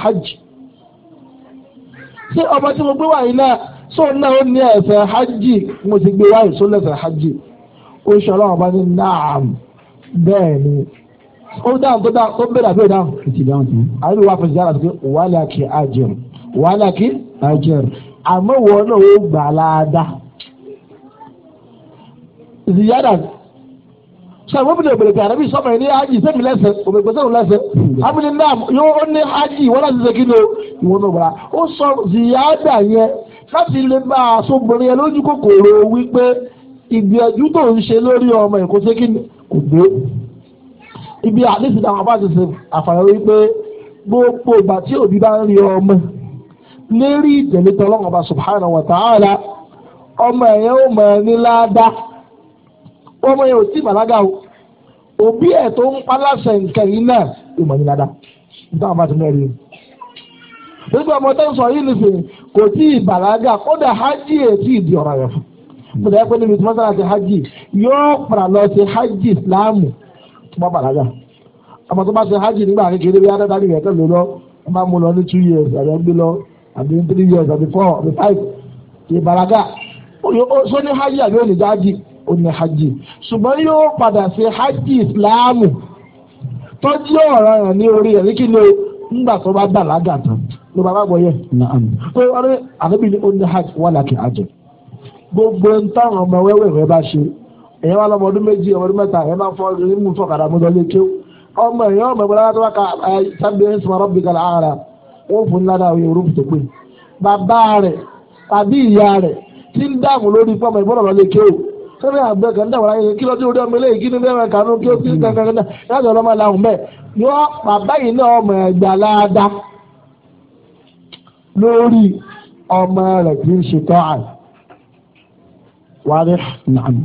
hajj ṣé ọmọ tí mo gbé so náà ó ní ẹ̀fẹ̀ hajj mo ti gbé wáyé sólẹ̀ ẹ̀fẹ̀ hajj ó ṣe ọlọ́run bá ní naam bẹ́ẹ̀ ni ó dáhùn tó dáhùn tó bẹ̀rẹ̀ àbẹ̀rẹ̀ dáhùn. kìtì dáhùn tó. àyè wà fún zara pé wàhálà kì ajẹr wàhálà kì ajẹr àmọ́ wọn náà ó gbà láàdá. ziyada sọ wọn bìnrin òbèrè kan àbí sọmọ ní hajj sẹmi lẹsẹ òbèrè sẹmi lẹsẹ abìnrin náà yóò ó ní hajj wọn láti ṣe kí ni o ìwọ náà gbà ó sọ ziyada yẹn láti lè bá a sóbìnrin yẹn lójú kòkòrò wípé ìgbìyànjú tó ń ṣe lórí ọmọ ẹ̀ kò ṣe kí kò gbé ibi àdéhùn àwọn àbá ti ṣe àfààní wípé gbogbo ìgbà tí òbí bá ń rí ọmọ lérí ìtẹ̀lé tọ́lọ́run ọba subhanahu wa ta'ala ọmọ ẹ̀yẹn ó mọ̀ ní ládàá ọmọ yẹn ò tí bàlágà o òbí ẹ̀ tó ń paláṣẹ nǹkan yìí náà ó mọ̀ ní ládàá nítorí àbá ti mẹ́rin. nígbà ọmọ tó ń sọ yìí nìsín kò tí ì kódà hajj ètí ìdí ọ̀rọ̀ yẹn fún mo dẹ́ pé níbi hajj yóò padà lọ hajj tí wọ́n bàlágà ọmọ tó bá ṣe hajj nígbà kékeré bí lọ mú lọ ní two years àbí lọ àbí three years àbí four àbí five ní hajj àbí ó ní ó ní hajj ṣùgbọ́n yóò padà hajj tọ́jú ọ̀rọ̀ yẹn ní orí ẹ̀ ní kí ló bàbá gbọ́ yẹ. pé wọ́n ní àdébí ní oní hajj wà lákì àjẹ. gbogbo ń táwọn ọmọ wẹ́wẹ́ rẹ bá ṣe èyàn wà lọ́mọ ọdún méjì ọmọ ọdún mẹ́ta èyàn máa fọ ọdún mú fọkàdà mú lọlé kéw ọmọ èyàn ọmọ ìgbàlá tó bá ka sábẹ́ ẹ̀ sọ̀rọ̀ bí kàlà ara wọ́n fún ládàá òye orúkú tó pé bàbá rẹ̀ tàbí ìyá rẹ̀ tí ń dààmú lórí fọmọ ìgbọ́dọ̀ lọlé kéw sọ́dọ̀ àgbẹ̀ kan dàwọn ayé kí lọ́dún orí ọmọ eléyìí kí ni bẹ́ẹ̀ kànú kí ó kí kankan náà yàtọ̀ ọlọ́mọ làwọn bẹ́ẹ̀ yọ bàbá yìí náà ọmọ ẹ̀gbà láadáa lórí ọmọ rẹ̀ kì í ṣe tọ́à wàlẹ̀ nàám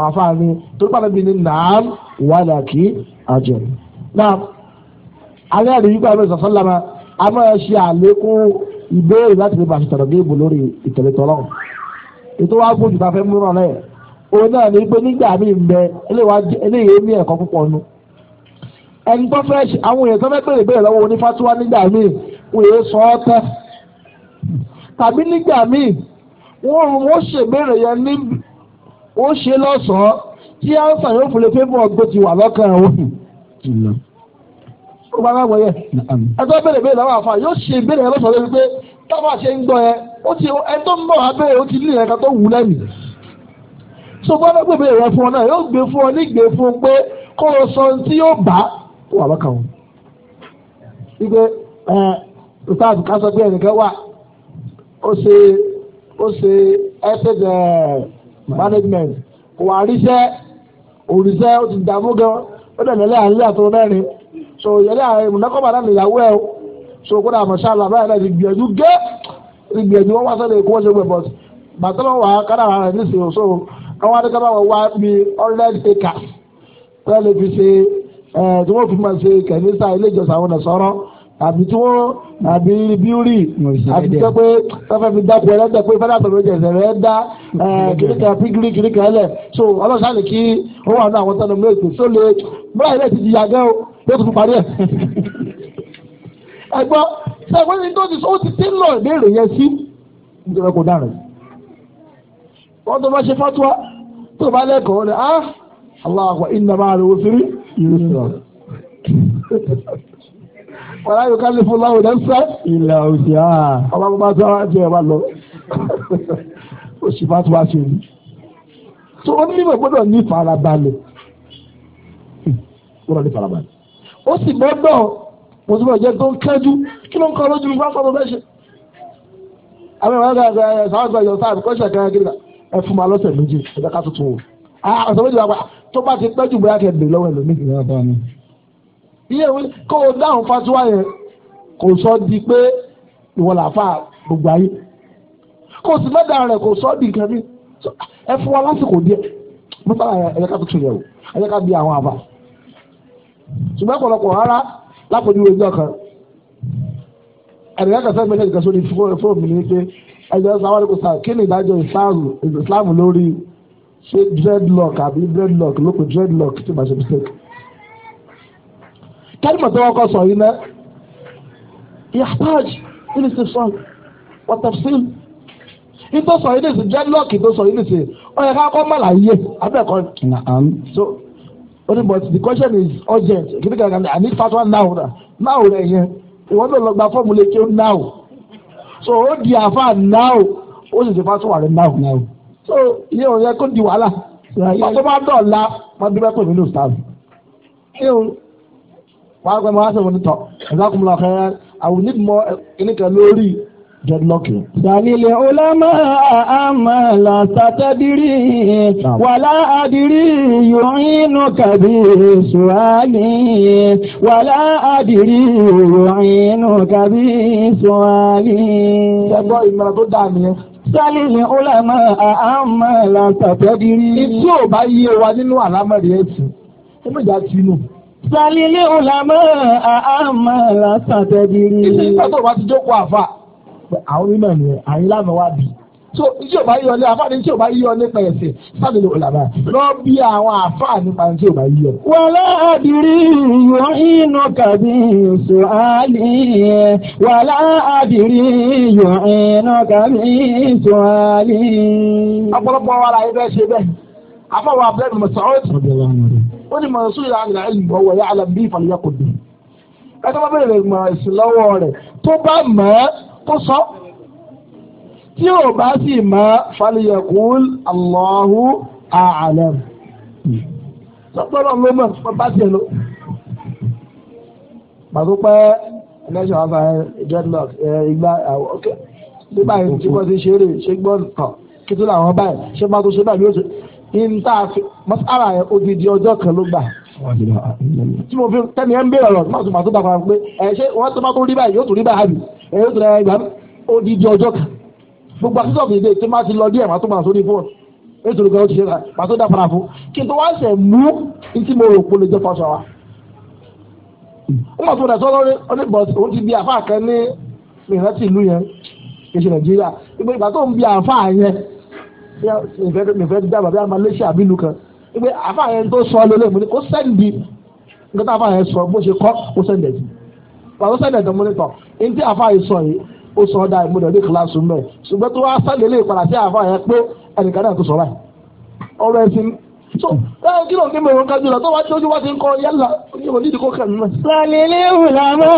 àwọn afáàní tó gbàdọ̀ bí ní nàám wàlẹ̀ kì í àjẹ. náà alẹ́ àdéhùn yìí gbàgbé sọ̀sọ́ lámà a máa ṣe àlékún ìbéèrè láti lè bàṣẹ tọ̀rọ̀ géèmù lórí ìtẹ̀lé tọ́lọ́ ètò wa gbòdì bá fẹ́ múràn náà òun náà ní pé nígbà míì ń eléyìí ní ẹ̀kọ́ púpọ̀ nu ẹni fẹ́ àwọn èèyàn tó fẹ́ béèrè béèrè lọ́wọ́ onífátúwá nígbà míì òye sọ ọ́ tán tàbí nígbà míì wọ́n wọ́n ṣèbéèrè yẹn ní wọ́n ṣe lọ́sọ̀ọ́ tí ánsà yóò fún lè pé fún ọgbẹ́ ti wà lọ́kàn ẹ̀wọ̀n. ó bá láwọn yẹ ẹjọ́ béèrè béèrè lọ́wọ́ àfa yóò ṣe béèrè yẹn lọ́sọ̀ọ́ lórí pé táwọn àṣẹ ń gbọ́ yẹn ó ti ẹni tó ń bọ̀ wá béèrè ó ti ní ìrẹ́ka tó wù lẹ́nu. so gbọ́dọ̀ gbé béèrè yẹn fún ọ náà yóò gbé fún ọ nígbè fún pé kó o sọ ohun tí yóò bá wà lọ́kàn ẹ̀wọ̀n ìfáàbù ká sọ pé ẹnìkan wà ó ṣe ó ṣe ẹsẹ̀d eh, management wà á ríṣẹ́ òrìṣẹ́ ó ti dààmú gan ó dẹ̀ lẹ́lẹ́ àlẹ́ àtọ́ mẹ́rin so yẹlẹ́ àwọn ìmùnákọ́bà náà nìyàwó ẹ̀ o so kódà mọ̀ṣálà báyìí náà ti gbìyànjú gé ti gbìyànjú wọ́n wá sọ́dọ̀ èkó wọ́n ṣe gbẹ̀ bọ́t bàtọ́lọ́ wà á kára rẹ̀ nísìnyí so káwọn adékọ́ bá wọ wá bí hundred acres tẹ́lẹ̀ fi ṣe ẹ̀ eh, tí wọ́n fi máa ṣe kẹ̀mísà ilé ìjọsìn àwọn ọ̀nà sọ̀rọ̀ àbí tí wọ́n àbí bíúrì àti sọ pé fẹ́fẹ́ fi dáko ẹlẹ́dẹ̀ pé fẹ́lá pẹ̀lú ìjẹ̀sẹ̀ rẹ̀ dá eh, kìnìkan pígìrì kìnìkan ẹlẹ̀ so ọlọ́sàn lè kí ó wà ní àwọn tọ́nu mi ètò tó lè múra ilé ti di yàgẹ́ o yóò tuntun parí ẹ̀. ẹ̀gbọ́n ṣe ìwé ni tó ti sọ ó ti ti ń lọ ìbéèrè yẹn sí nítorí kò dára wọ́n tó bá ṣe fatuwa tó bá lẹ́kọ̀ọ́ ah Allah inna ma'al wàlá yóò ká lè fún láwọn ẹ̀dẹ́sẹ̀. ìlà òsì á. ọba mo bá tó ara jẹ ẹ bá lọ oṣù bá tó wá ṣe rí. tó o nílò gbọ́dọ̀ ní ìfarabalẹ̀ gbọ́dọ̀ ní ìfarabalẹ̀ ó sì gbọ́dọ̀ mo ti bọ̀ jẹ́ tó ń kẹ́jú kí ló ń kọ́ lójú nípa pọ̀ bẹ́ẹ̀ ṣe. àwọn ìwà ọ̀gá ẹ̀ka ẹ̀ sáwọn ọ̀gá ìyọ̀sá àti kọ́ṣẹ̀ kan kí ẹ fún ma lọ́sẹ̀ méjì ẹ̀ka tuntun wò. ọ̀sẹ̀ méjì wà pa tó bá ti pẹ́ jù bóyá kẹ́ ìyẹ̀wé kó o dáhùn fatiwa yẹn kò sọ di pé ìwọ làáfà gbogbo ayé kó o sì fẹ́ dára rẹ̀ kò sọ di nǹkan mi ẹ fún wa lásìkò díẹ̀ mo sábà ẹ̀yẹ ká tuntun yẹ̀ wò ẹ̀yẹ ká bí àwọn àbá ṣùgbọ́n ọ̀pọ̀lọpọ̀ rárá lápòjú ojú ọ̀kan ẹ̀rẹ̀ká kàtà mẹ́lẹ̀ ìgbà sórí fóònù ní pé ẹgbẹ́ sáwọn ẹ̀kọ́ sáà kí ni ìdájọ́ ìsìláàmù lórí ṣé dreadlock àbí dreadlock lóko dreadlock tí màá ṣe mistake kẹ́lìmọ̀ tí wọ́n kọ́ sọ yìí náà yahtaj ilé ti sọ wọ́tafsil sọ yìí nìsí jẹ́lọ́ọ̀kì tó sọ yìí nìsí ọ̀yẹ̀ káàkọ́ mọ̀lá yé abẹ́ẹ̀kọ́ nàám so only but the question is urgent kìdí kan kan i need fatwa now na now rẹ̀ eh, yẹn ìwọ́n náà lọ gba fọ́ọ̀mù lè kí now so ó di àfa now ó sì ti fatwa rẹ̀ now now so iye òun yẹ kó di wàhálà pàtó bá dọ̀ọ̀la máa dúpẹ́ pè mí ní máa gbẹ́ máa sọ̀rọ̀ nítọ̀ ẹ̀dákùnmọ́lá fẹ́ àwọn onímọ̀ ẹnìkan lórí deadlock sàlìlẹ̀ ọlọ́mọ àmọ́ làṣàtẹ́dìrì wàlá àdìrí yòóyìnú kàbí sùhálì wàlá àdìrí yòóyìnú kàbí sùhálì. ṣẹ́gbọ́ ìmọ̀ràn tó dáa nìyẹn sálẹ̀lẹ̀ ọlọ́mọ àmọ́ làṣàtẹ́dìrì. ìtú ò bá yé wa nínú àlámọ̀rí ẹ̀sìn ó méjà tìǹù. Sàlílé òlàmọ́ àmà lásàtẹ̀dìrì. Ìṣe ìgbàgbọ́ wa ti jókòó àfà. Àwọn onímọ̀ ni àyín lánàá wá bì. So tí o bá yí ọlé àfáà ní tí o bá yí ọlé pẹ̀yẹ̀sì sàlílé òlàmọ́. Lọ bí àwọn àfáà nípa tí o bá yí ọ. Wàlá àdìrí yóò inú kàbí oṣù àlè. Wàlá àdìrí yóò inú kàbí oṣù àlè. Ọ̀pọ̀lọpọ̀ wa la yẹ bẹ́ẹ̀ ṣe bẹ́ẹ̀. Àfọwọ́ abúlé mi ó ní màá sóyè àgbà ẹ̀yìn ọwọ́ yà àlà bí ìfàlẹ́ kò dé ẹjọ́ bá bẹ̀rẹ̀ mọ̀ ẹ̀sìn lọ́wọ́ rẹ̀ tó bá mọ̀ ẹ́ kó sọ tí ò bá sì mọ̀ falyaqul Allahu a'lam sọ́kọ́rọ̀ ló mọ̀ bá tiẹ̀ lọ. pàtó pẹ́ nígbà yìí tí wọ́n ti ṣe gbọ́n kàn kí tó làwọn báyìí ṣé bá tó ṣe báyìí yóò ṣe nta masala yẹn odidi ọjọ́ kan ló gbà tí mo fi tẹni ẹ ń bèrè ọ̀rọ̀ máa tún máa tún dàgbà pé ẹ ṣe wọn tó bá tó rí báyìí yóò tún rí báyìí ẹ yóò tún rí báyìí odidi ọjọ́ kan gbogbo àtúntò ọ̀gbìn ìdè tí máa ti lọ díẹ̀ máa tún máa sórí fóònù nítorí kan ó ti ṣe máa tún dàgbà fún kí n tó wá ṣe mú tí mo rò pé lè jẹ́ fọ́ṣọ wa. ó mọ̀ tó rẹ̀ sọ́ lórí nfẹ́ dá bàbá Malaysia àbí ìlú kan wípé àfààyàn tó sọ lélẹ̀ mo ní kó sẹ́ndì nǹkan tó àfààyàn sọ bó ṣe kọ́ kó sẹ́ndì ẹ̀sìn bàbá sẹ́ndì ẹ̀sìn mo ní tọ̀ sọ yìí ó sọ ọ́dà ìmúdọ̀ ní kíláàsì mẹ́ ṣùgbọ́n tó wá sẹ́ndì ilé ìpadà sí àfààyàn pé ẹnìkan náà tó sọ báyìí ọ̀rọ̀ ẹ̀sìn so ẹ kí ló ń gbé mẹ́rin kájú la tó wá tí wá ti ń kọ yálà ojú wọ́n dídì kó kàn mí. sàlìlì wùlámà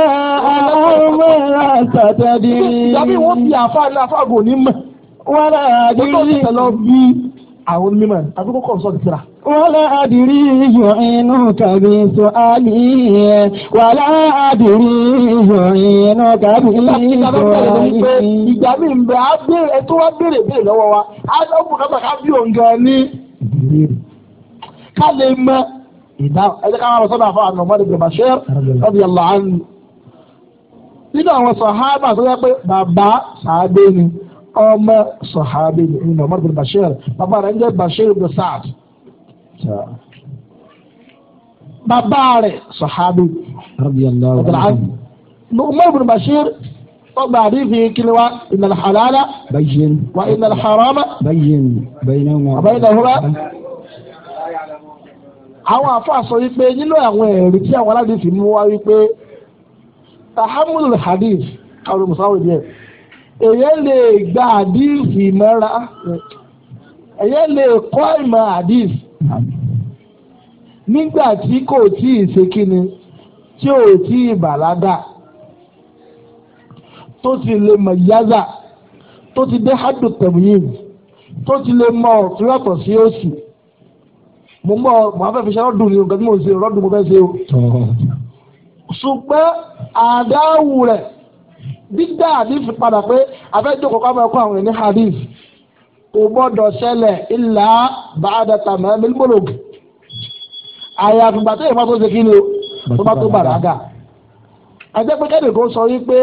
àwọn ọmọ ìlà sàtẹ́dì. ìjọba ìwọ́n fi àfa ní àfa àgò ní mẹ́ wala adiri. ó tọ́ lọ bí àwọn mímọ̀ àti kókó sọ ti ra. wala adiri yọ inú kàbí sọ àlì yẹ wala adiri yọ inú kàbí sọ àlì yẹ. ìgbà mi ń bẹ á béèrè tó wá béèrè béèrè lọ́wọ́ wa á náà ká bí òǹgà ní. ká lè mọ ìdáhùn ẹ jẹ́ ká máa lọ sọ́dọ̀ àfọwọ́ àná ọmọdé bẹ̀rẹ̀ bàṣẹ́ radiyallahu anhu nínú àwọn sàhábà tó yẹ pé bàbá sàádé ni ọmọ sọ̀hábì ní ìnà Umar bin Bashir bàbá rẹ̀ ń jẹ́ Bashir bin Saad bàbá rẹ̀ sọ̀hábì Umar bin Bashir ọgbà àdìsí kiri wa innal halala bayyin wa innal harama bayyin baynahuma àwọn àfáà sọ wípé nínú àwọn ẹ̀rí tí àwọn aládìsí mú wá wípé tahammul hadith àwọn olùsọ̀rọ̀ díẹ̀ èyẹ lè gba àdìsí mọ́ra èyẹ lè kọ́ ìmọ̀ àdìsí nígbà tí kò tí ì ṣe kíni tí ò tí ì bàlágà tó ti lè mọ̀ yáza tó ti dé hádù tẹ̀míyìn tó ti lè mọ̀ ọ̀tún yàtọ̀ sí òsì mo mọ̀ mọ̀ afẹ́ fi ṣe rọ́dùn ní nǹkan tí mo ṣe rọ́dùn mo fẹ́ ṣe o ṣùgbọ́n àdáwù rẹ̀. dídá hadith padà pé abẹ́jọ́ kọ́kọ́ máa kọ́ àwọn ènìyàn hadith kò gbọ́dọ̀ ṣẹlẹ̀ ilà bàdà tàmẹ́ mílíọ̀nù àyà tó yẹ fún àtúnṣe kí ni o tó bá tó bàràgà ẹjẹ pé kẹ́ni kò sọ wípé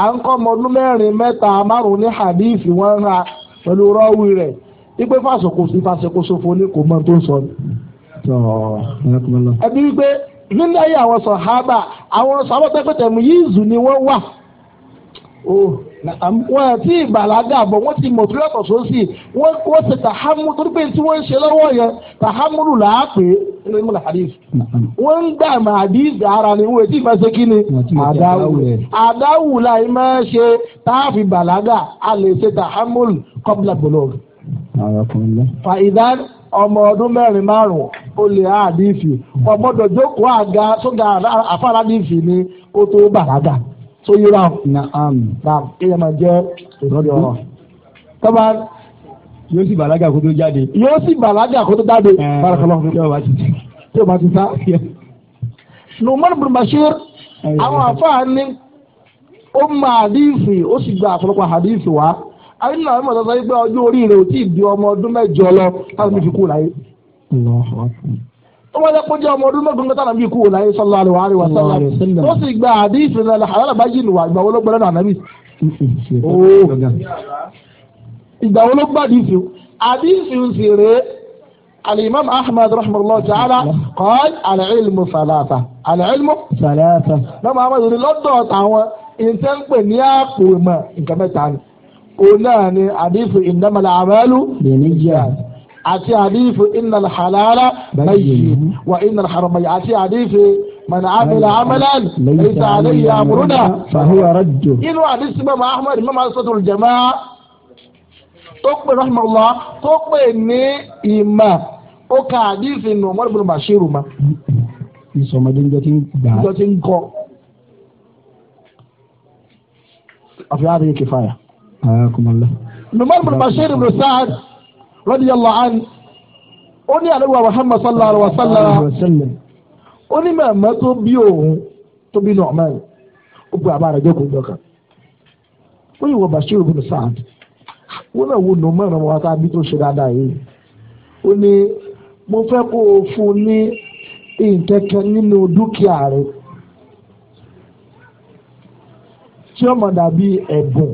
à ń kọ́ ọmọ ọdún mẹ́rin mẹ́ta márùn ní hadith wọ́n ń ha pẹ̀lú rẹ̀ wípé kò mọ tó ń sọ ni. ẹbí wípé nílẹ̀ yìí àwọn àwọn yìí zù ni wọ́n Oh, wọn àti ìbàlágà bọ̀ wọ́n ti mọ̀tò lọ́tọ̀ sósì wọ́n ti tàhámù torí pé tí wọ́n ń ṣe lọ́wọ́ yẹn tàhámùrù là á pè é nínú ìmúlẹ̀ hadith. wọ́n ń gbà mà hadith ara ni wọ́n ti máa ṣe kí ni. àdáwù àdáwù láì máa ṣe táàfì bàlágà a lè ṣe tàhámùrù kọ́bílà gbọ́dọ̀. fàìdá ọmọ ọdún mẹ́rin márùn-ún ó lè hadith ọgbọ́dọ̀ jókòó àga sóga àfáradìfì ni ó tó bàlágà tó yíra na na kéèyàn máa jẹ́ ìrọ́dọ̀ ọ̀rọ̀ tọ́ba yóò sì bàlágà kó tó jáde. yóò sì bàlágà kó tó jáde. barakallahu fi kẹwàá ti tí o bá ti sá. Numan bin Bashir àwọn àfáàní ó ma àdífì ó sì gba àfọlọ́pọ̀ àdífì wá àyìn náà mọ̀ sọ́sọ́ yìí pé ọjọ́ orí rẹ̀ ò tí ì di ọmọ ọdún mẹ́jọ lọ láti fi kú láyé ó wáyé kó jẹ́ ọmọ ọdún mẹ́gbọ̀n kọ́tà nàbí kú wò láyé sallallahu alaihi wa sallam ó sì gba àdìs ìrìnàlẹ̀ halal bá yìí nùwà ìgbà wo ló gbọ́dọ̀ nàbí. ìgbà wo ló gbà àdìs yìí àdìs yìí sì rèé alimam ahmad rahmanulah ta'ala qal al-ilmu thalatha al-ilmu thalatha. lọ́mọ ahmad rí lọ́dọ̀ táwọn ìṣe ní àpò ìmọ̀ nǹkan mẹ́ta ni òun náà ni àdìs innamal a'malu bin niyyat àti àdìfù innal halala bayyin wa innal harama àti àdìfù man amila amalan laysa alayhi amruna fahuwa raddu. inú àdìsí mọ́mọ́ ahmed mọ́mọ́ sọ́tòlù jama'a tó pè rahmanullah tó pè ní ìmọ̀ ó ka àdìsí nù mọ́rẹ́ bùrù bàṣírù ma. ìsọmọdé ń jọ ti ń gbà. ń jọ ti ń kọ. àfi àdìyẹ kìfàyà. àyà kùmọ̀lá. nù mọ́rẹ́ bùrù bàṣírù nù sáà. radiyallahu anhu ó ní àdéhùn Muhammad sallallahu alaihi wa sallam ó ní màmá tó bí òun tó bí Nu'man ó bu àbá rẹ̀ jókòó jọ kan ó yìí wọ Bashir ibn Sa'ad wọn náà wo Nu'man ọmọ wa ká bí tó ṣe dáadáa yìí ó ní mo fẹ́ kó o fún ní ìkẹ̀kẹ́ nínú dúkìá rẹ̀ tí ó dàbí ẹ̀bùn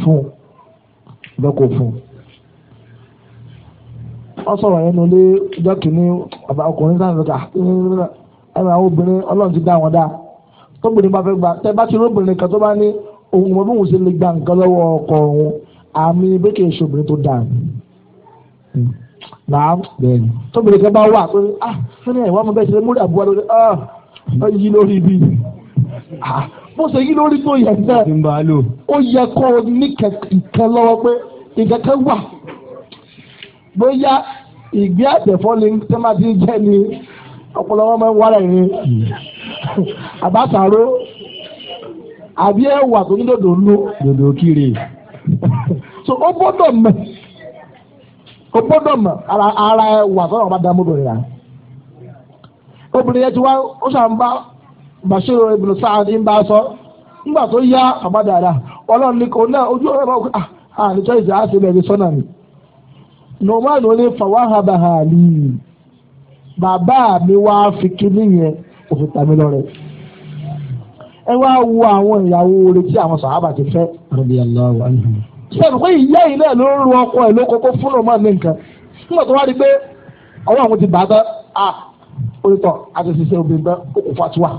fún bẹ́ẹ̀ kó fún un wọ́n sọ̀rọ̀ yẹn nílé ọjọ́ kìíní bàbá ọkùnrin sáà nìkan ẹ̀rọ ah, eh, eh, eh, àwọn obìnrin ọlọ́run ti dá wọn dá tóbìnrin bá fẹ́ gbà tẹ́ bá ti róbìnrin kan tó bá ní òun mọ̀ bí òun ṣe lè gba nǹkan lọ́wọ́ ọkọ òun àmì bí ṣe obìnrin tó dáa hmm. náà bẹ́ẹ̀ tóbìnrin kan bá wà pé ah sani ẹ̀ wọ́n mọ bẹ́ẹ̀ ṣe múrí àbúrò lórí ah ọ yí lórí ibi ah mo ṣe yí lórí tó yẹ náà ó yẹ kó o ní kẹ̀kẹ́ lọ́wọ́ pé ìkẹ́kẹ́ wà bóyá ìgbé àtẹ̀fọ́ ni tẹ́mátì jẹ́ ni ọ̀pọ̀lọpọ̀ máa ń wá rẹ̀ ni àbátàró àbí ẹ̀wà tó ní dòdò nú dòdò kiri so ó gbọ́dọ̀ mọ̀ ó gbọ́dọ̀ mọ̀ ara ẹ̀wà sọ̀rọ̀ bá dààmú bẹ̀rẹ̀ rà obìnrin yẹn ti wá ó ṣàǹbá Bashir ibn Sa'ad ń bá sọ nígbà tó yá àbádàrà ọlọ́run ní kò náà ojú ọ̀rẹ́ bá wọ́n ah àníjọ́ ìjà á ṣe bẹ̀rẹ̀ sọ́nà mi nọmọdé ní fàwáhàbà hàlì bàbá mi wá fi kíní yẹn òfin tàmí lọ rẹ ẹ wá wo àwọn ìyàwó rẹ tí àwọn sàhábà ti fẹ́. sọ̀rọ̀ pé ìyá yìí náà ló ń ru ọkọ ẹ̀ ló kókó fún nọmọdé ní nǹkan nígbà tó wá rí pé ọwọ́ àwọn ti bàá tán à onítọ̀ àti ṣiṣẹ́ obìnrin náà ó fatuwa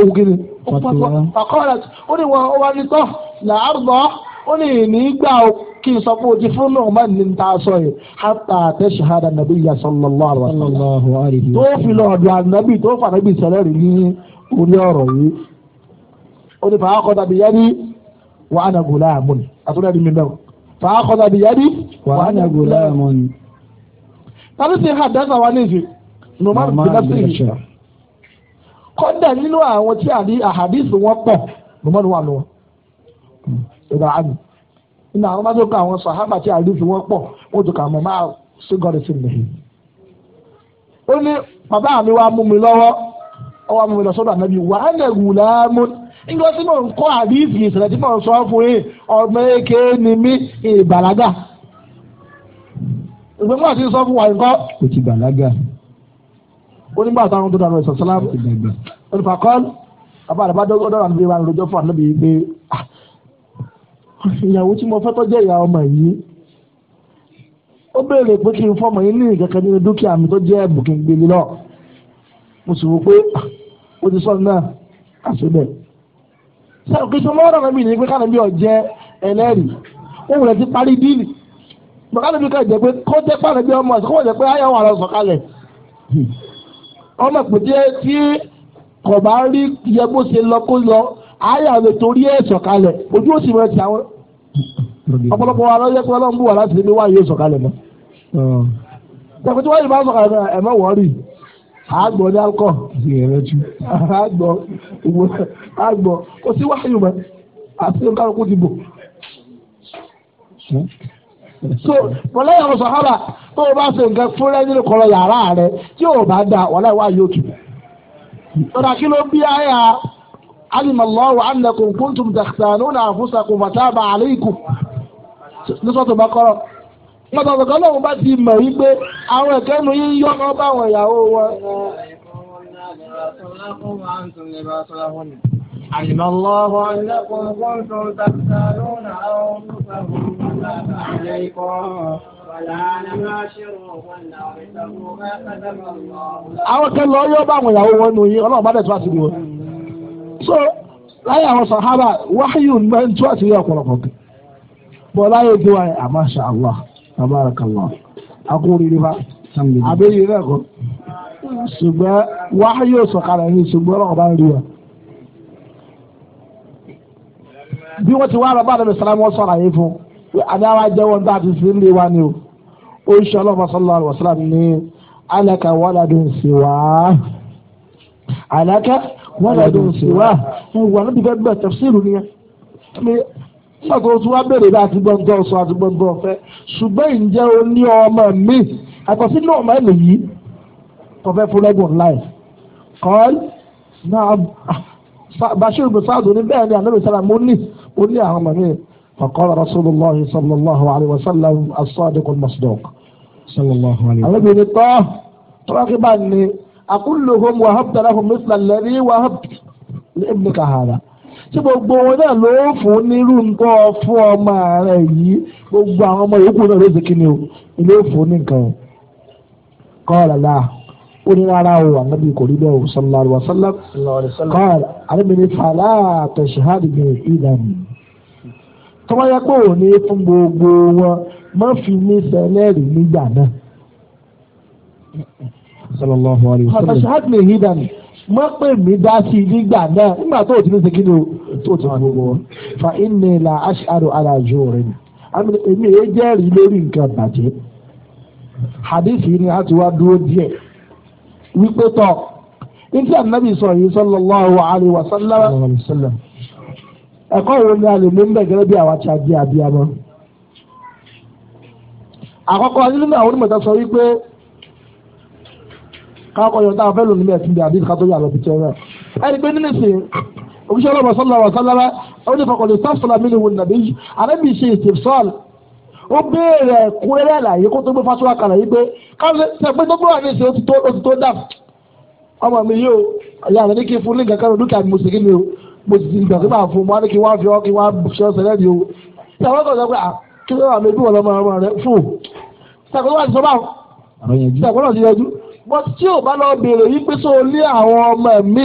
ògiri ó kò fatuwa àkọọ́lẹ̀ ó ní wọn ó ní tọ́ làárùbọ̀ ó ní ìní gbà ó kí n sọ pé o ti fún náà má ní ta sọ yìí hátà tẹ̀síhádà nàbí yà sallallahu alaihi tó fi lọ ọ̀dọ̀ ànábì tó fà nàbì sẹlẹ̀rì ní orí ọ̀rọ̀ yìí ó ní fàá kọ́ta bìyà ní wà á nàgò láàmú ni àtúndà ní mi bẹ́ẹ̀ fàá kọ́ta bìyà ní wà á nàgò láàmú ni. tàbí sí hàdásà wa ní ìsìn nùmọ́ bìnásì kọ́ńdà nínú àwọn tí àdí àhàdísì wọn pọ̀ nùmọ́ ni wà lọ́wọ́ ìgbà àmì nínú àwọn máa ń sọkọ àwọn sàhábà tí àdìsí wọn pọ̀ wọn tó kà mọ máa ṣe gọdọ sí mi. ó ní bàbá mi wàá mú mi lọ́wọ́ ọwọ́ mú mi lọ sọ́dọ̀ ànábì wà á nà wù láàmú nígbà tí mò ń kọ́ àdìsí ìṣẹ̀lẹ̀ tí mò ń sọ fún yìí ọmọ èké ni mí ìbàlágà. ìgbẹ́ mú àti sọ fún wa nǹkan. kò ti bàlágà. ó nígbà táwọn tó dàrú ìṣọ̀ṣọ́lá ó ní fàkọ́ọ́lù bàbá àdàbà ìyàwó tí mo fẹ́ tọ́jẹ́ ìyá ọmọ yìí ó béèrè pé kí n fọmọ yìí ní ìkẹ́kẹ́ nínú dúkìá mi tó jẹ́ ẹ̀bùn kí n gbé mi lọ mo sì wò pé ó ti sọ náà àṣebẹ̀. ṣé òkè sọ mọ́rọ̀ rẹ̀ mi ní pé kánàbí ọ̀jẹ́ ẹlẹ́rìí ó wùlẹ̀ ti parí díìlì kánàbí kan jẹ́ pé kó jẹ́ kánàbí ọmọ àti kó jẹ́ pé ayọ̀ wà lọ sọ̀kalẹ̀ ọmọ ìpèjẹ́ tí kò rí yẹ bó ṣe lọ kó lọ ayọ̀ lè torí ẹ̀ sọ̀kalẹ̀ ojú òsì rẹ̀ ti àwọn ọ̀pọ̀lọpọ̀ ala lọ́jọ́ pé ọlọ́run bù wà láti ní wáyé sọ̀kalẹ̀ mọ́. Oh. tí wáyé bá sọ̀kalẹ̀ náà àgbọ̀ ní alkọ̀ àgbọ̀ àgbọ̀ kò sí wáyé mọ́ àti ti bò so wọlé tó o bá ṣe nǹkan fúnrẹ́ yàrá rẹ tí o bá wọlé kí ló bí علم الله أنكم كنتم تختانون أنفسكم وتاب عليكم nísọ́tò bá kọ́rọ̀ pàtàkì ọlọ́run bá ti mọ̀ wípé àwọn ẹ̀kẹ́nu yín yọ́ ọ́ bá àwọn ìyàwó wọn. علم الله أنكم كنتم تختارون أنفسكم عليكم Àwọn kẹ́lọ́ yọ́ bá àwọn ìyàwó wọn nù yín, ọlọ́run bá dẹ̀ tó àti wọn so láyé àwọn sàhábà wáyù ní báyìí tó àti yẹ ọ̀pọ̀lọpọ̀ kẹ bọ́ láyé tó wáyé àmàṣà allah tabarakallah akóríire bá abéyé rẹ̀ kọ́ ṣùgbọ́n wáyù sọ̀kalẹ̀ ní ṣùgbọ́n ọ̀rọ̀ bá ń rí wa. bí wọ́n ti wá lọ bá àdàbẹ̀ sàlámù wọn sọ̀rọ̀ àyè fún adáwà jẹ́wọ́ nígbà tí fi ń lé wa ni o ó ń ṣe ọlọ́mọ sallallahu alaihi wasallam ní alaka waladun siwa alaka wọ́n lọ dùn sí wa ẹ̀wọ̀n níbi fẹ́ gbẹ̀ tẹ̀síìlù nìyẹn sọ́kò tí wọ́n béèrè bá àti gbọ̀ngàn sọ àti gbọ̀ngàn ọ̀fẹ́ ṣùgbọ́n ìjẹ́ o ní ọmọ mi àkọsí náà máa lè yí tọ́fẹ́ fúnlẹ́gùn láì kọ́ọ́lì náà bashir bin saadu ní bẹ́ẹ̀ ni anabi sallam ó ní ó ní àwọn ọmọ mi فقال رسول الله صلى الله عليه وسلم الصادق المصدوق صلى الله عليه àwọn ibi ni tọ́ àkúlùhùn wàhábùtà láhùn mísìlá lẹ́rí wàhábùtà ní ibùdókà hàrà tí gbogbo wọn náà ló fún nírú nǹkan fún ọmọ rẹ yìí gbogbo àwọn ọmọ yòókù náà ló ṣe kí ni o ilé fún ní nǹkan o kọ́ọ̀lá ó ní rárá o ànábì kò rí bẹ́ẹ̀ o sallallahu alaihi wasallam kọ́ọ̀lá àdébìnrin fàlà tẹ̀síhádì bẹ̀rẹ̀ ìdánù tọ́wọ́ yẹ pé òní fún gbogbo wọn má fi sẹ́lẹ̀rì nígbà náà sallallahu alayhi wa sallam. àtàṣà àtìlẹ̀ yìí dànù má pè mí dá sí i nígbà náà nígbà tó o ti ní ṣe kí ni o tó o ti ní wọ. fa inni la ash'aru ala jurin èmi èé jẹ́rìí lórí nǹkan bàjẹ́ hadith yìí ni a ti wá dúró díẹ̀ wípé tọ̀ ibi ànábì sọ̀rọ̀ yìí sallallahu alayhi wa sallam ẹ̀kọ́ ìwé ni a lè mú bẹ́ẹ̀ gẹ́gẹ́ bí àwa ti àbí àbí àmọ́. àkọ́kọ́ nínú àwọn onímọ̀ta sọ wípé káàkó yọ táwọn fẹ́ lò nílẹ̀ síbi àdìs ká tó yà lọ fi tẹ́wọ́ ẹni pé nínú ìsìn òṣìṣẹ́ ọlọ́mọ sọ́lá wà sálára ó ní kọkànlẹ̀ sáfùsọ́lá mi ni wò nàbí yìí àrẹ́bí ṣe ìsìnsọ́ọ̀lù ó béèrè ẹ̀kúnrẹ́rẹ́ àlàyé kó tó gbé fásitì àkàlà yìí pé káwọn ṣe pé tó gbọ́dọ̀ ní ìsìn ó ti tó dà ọmọ mi yóò ìyá rẹ̀ ní kí fún ní kankan dúkìá mi mo sì kí ni o mo sì ti gbà pé máa fún un mo á ní kí wọ́n á fi ọ́ kí wọ́n á ṣe ọ̀sẹ̀ lẹ́nu o ṣé àwọn kan sọ pé ló ti yọjú but tí ò bá lọ béèrè yí pé sọ ní àwọn ọmọ mi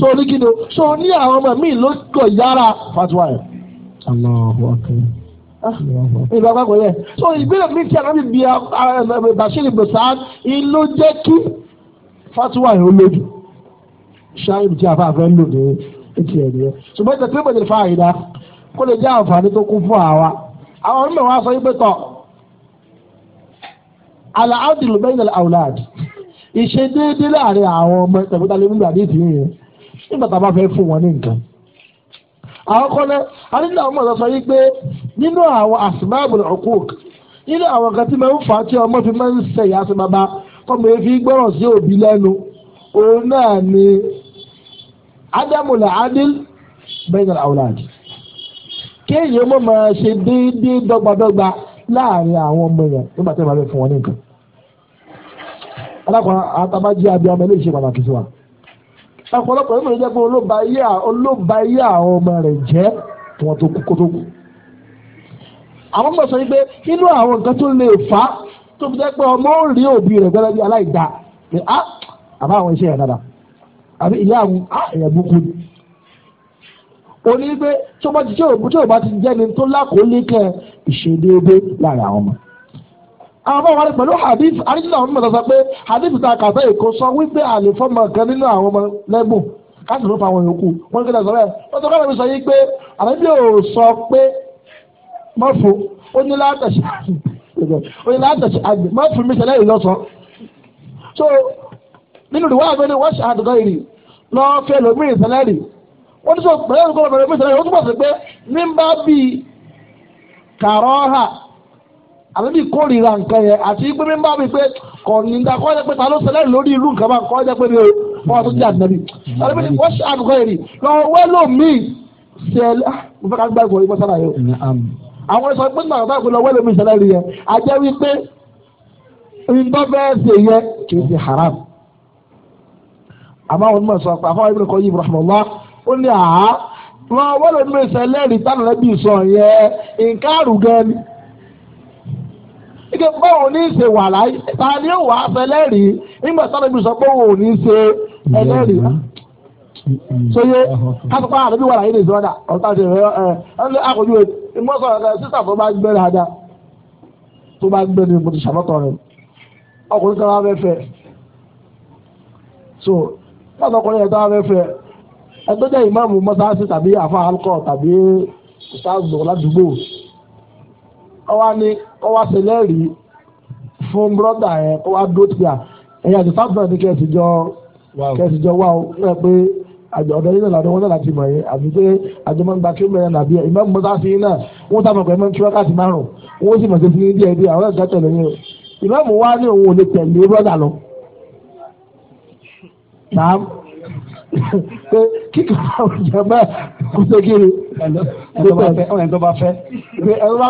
sọ ní kí ni o sọ ní àwọn ọmọ mi ló kọ yára fatuwa yẹn. Allahu akbar. Ìlú àpapọ̀ yẹn. So ìbéèrè mi ti àná bíi ah, ah, eh, Bashir Basan ìlú jẹ́ kí fatuwa yẹn ó lójú. Ṣáàyìn tí a fà fẹ́ lò ní etí ẹ̀ nìyẹn. Ṣùgbọ́n ìtẹ̀síwájú ìfàyè dá kó lè jẹ́ àǹfààní tó kún fún àwa. Àwọn onímọ̀ wa sọ yí pé tọ̀ al-adlu bayna al-awlad ìṣe déédéé láàrin àwọn ọmọ tẹ̀gbọ́tàlẹ́ nígbà ní ìdílé yẹn nígbà tá a bá fẹ́ fún wọn ní nǹkan. àwọn kọ́lẹ́ adídá ọmọ sọ sọ yìí pé nínú àwọn asbabul uquq nínú àwọn kan tí máa ń fà á tí ọmọ fi máa ń ṣe ìyá sí bàbá kọ́mọ efi gbọ́rọ̀ sí òbí lẹ́nu òun náà ni adamul adil bayna al kéèyàn mọ̀ máa ṣe déédéé dọ́gbadọ́gba láàrin àwọn ọmọ èèyàn nígbà tí wọ́n bá fẹ́ fún wọn ní nǹkan. alákùnrin àtàbájí abiyamọ eléyìí ṣe pàtàkì sí wa. ọ̀pọ̀lọpọ̀ ìmọ̀ ìjẹ́ pé olóba ayé àwọn ọmọ rẹ̀ jẹ́ kí wọ́n tó kú kó tó kú. àwọn ọmọ sọ pé inú àwọn nǹkan tó lè fà á tó fi jẹ́ pé ọmọ ò rí òbí rẹ̀ gbẹ́rẹ́ bí aláìda pé á àbá àwọn iṣẹ́ yẹn dáadáa àbí ìyá àwọn á èèyàn búkú ni oní pé tí o bá ti jẹ́ ni tó lákòólé kẹ́ ìṣedéédé láàrin àwọn ọmọ. àwọn ọmọ wa ni pẹ̀lú hadith arísìlẹ̀ àwọn ọmọ sọ pé hadith ta kàtà èkó sọ wípé àlè fọmọ kan nínú àwọn ọmọ lẹ́bùn káàsì ló fa àwọn yòókù wọn kéde sọ bẹ́ẹ̀ wọ́n sọ káàdà mi sọ yí pé àlejò ò sọ pé mọ́fù ó ní látàṣí ó ní látàṣí àgbẹ̀ mọ́fù mi sẹ́lẹ̀ yìí lọ́sọ̀ so nínú ìwà àgbẹ̀ni wọ́n ṣe àdùkọ́ ìrì lọ́ọ́ fẹ́ lómi ìsẹ́lẹ̀ rì wọ́n ti sọ pẹ̀lú àdùkọ́ ìrì lọ́ọ́ fẹ́ lómi ìsẹ́lẹ̀ rì wọ́n túbọ̀ sí pé ní bá bíi kàrọ́hà àbíbí kórìíra nǹkan yẹn àti pé mi ń bá mi pé kò ní nǹkan kọ́ jẹ́ pé ta ló ṣẹlẹ̀ lórí irú nǹkan bá kọ́ jẹ́ pé mi ò fọ́ ọtún jẹ́ àdínàbí àbíbí ni wọ́n ṣe àgùkọ́ yẹn rí lọ wẹ́lò míì ṣẹlẹ̀ mo fẹ́ ká gbá ìkòrí bọ́ sára yẹn o àwọn sọ pé nígbà tó lọ wẹ́lò míì ṣẹlẹ̀ rí yẹn a jẹ́ wípé nǹkan bẹ́ẹ̀ ṣe yẹ kì í wọn wọlé nínú ìṣẹ̀lẹ̀ rí tánàlẹbí sọ yẹn nǹkan àrùgẹ ni. ike báwo ní ìṣe wà láyé ta ni ó wà á ṣẹlẹ̀ rí nígbà tánàlẹbí sọ pé òun ò ní ṣe ẹlẹ́rìí sóyè kásìkò àdébí wà láyé ní ìṣọ́dà ọ̀tá ṣe ẹ ẹ ẹ àkójú ẹ mọ́sọ̀ ẹ sísà tó bá gbẹ́rẹ́ ajá tó bá gbẹ́rẹ́ mo ti ṣàlọ́tọ̀ rẹ ọkùnrin kan wá fẹ́ fẹ́ so wọ́n sọ ọkùnrin yẹn tó wá fẹ́ fẹ́ ẹgbẹ́ jẹ́ ìmáàmù mọ́sáàsì tàbí àfa alukọ tàbí ìsáàgbọ̀ ládùúgbò ọwá ni ọwá ṣẹlẹ́rìí fún brọ́dà yẹn kó wá dúró tìyà ẹ̀yìn àti sábà ní kẹ́ẹ̀sì jọ kẹ́ẹ̀sì jọ wá o ẹ pé àjọ ọ̀dọ́ yìí náà làdọ́ wọn náà láti mọ̀ yẹn àbí pé àjọ máa ń gba kí mẹ́rin nàbí ìmáàmù mọ́sáàsì yìí náà wọ́n sábà pẹ̀lú mẹ́rin tí wọ́n káàtì márùn wọ́n sì mọ̀ sí fún yín díẹ̀ díẹ̀ àwọn ẹ̀ka tẹ̀lé yẹn o ìmáàmù wá ní òun ò lè tẹ̀lé brọ́dà lọ pé kíkà àwọn jàmbá kò tó kiri ẹni tó bá fẹ́ ẹni tó bá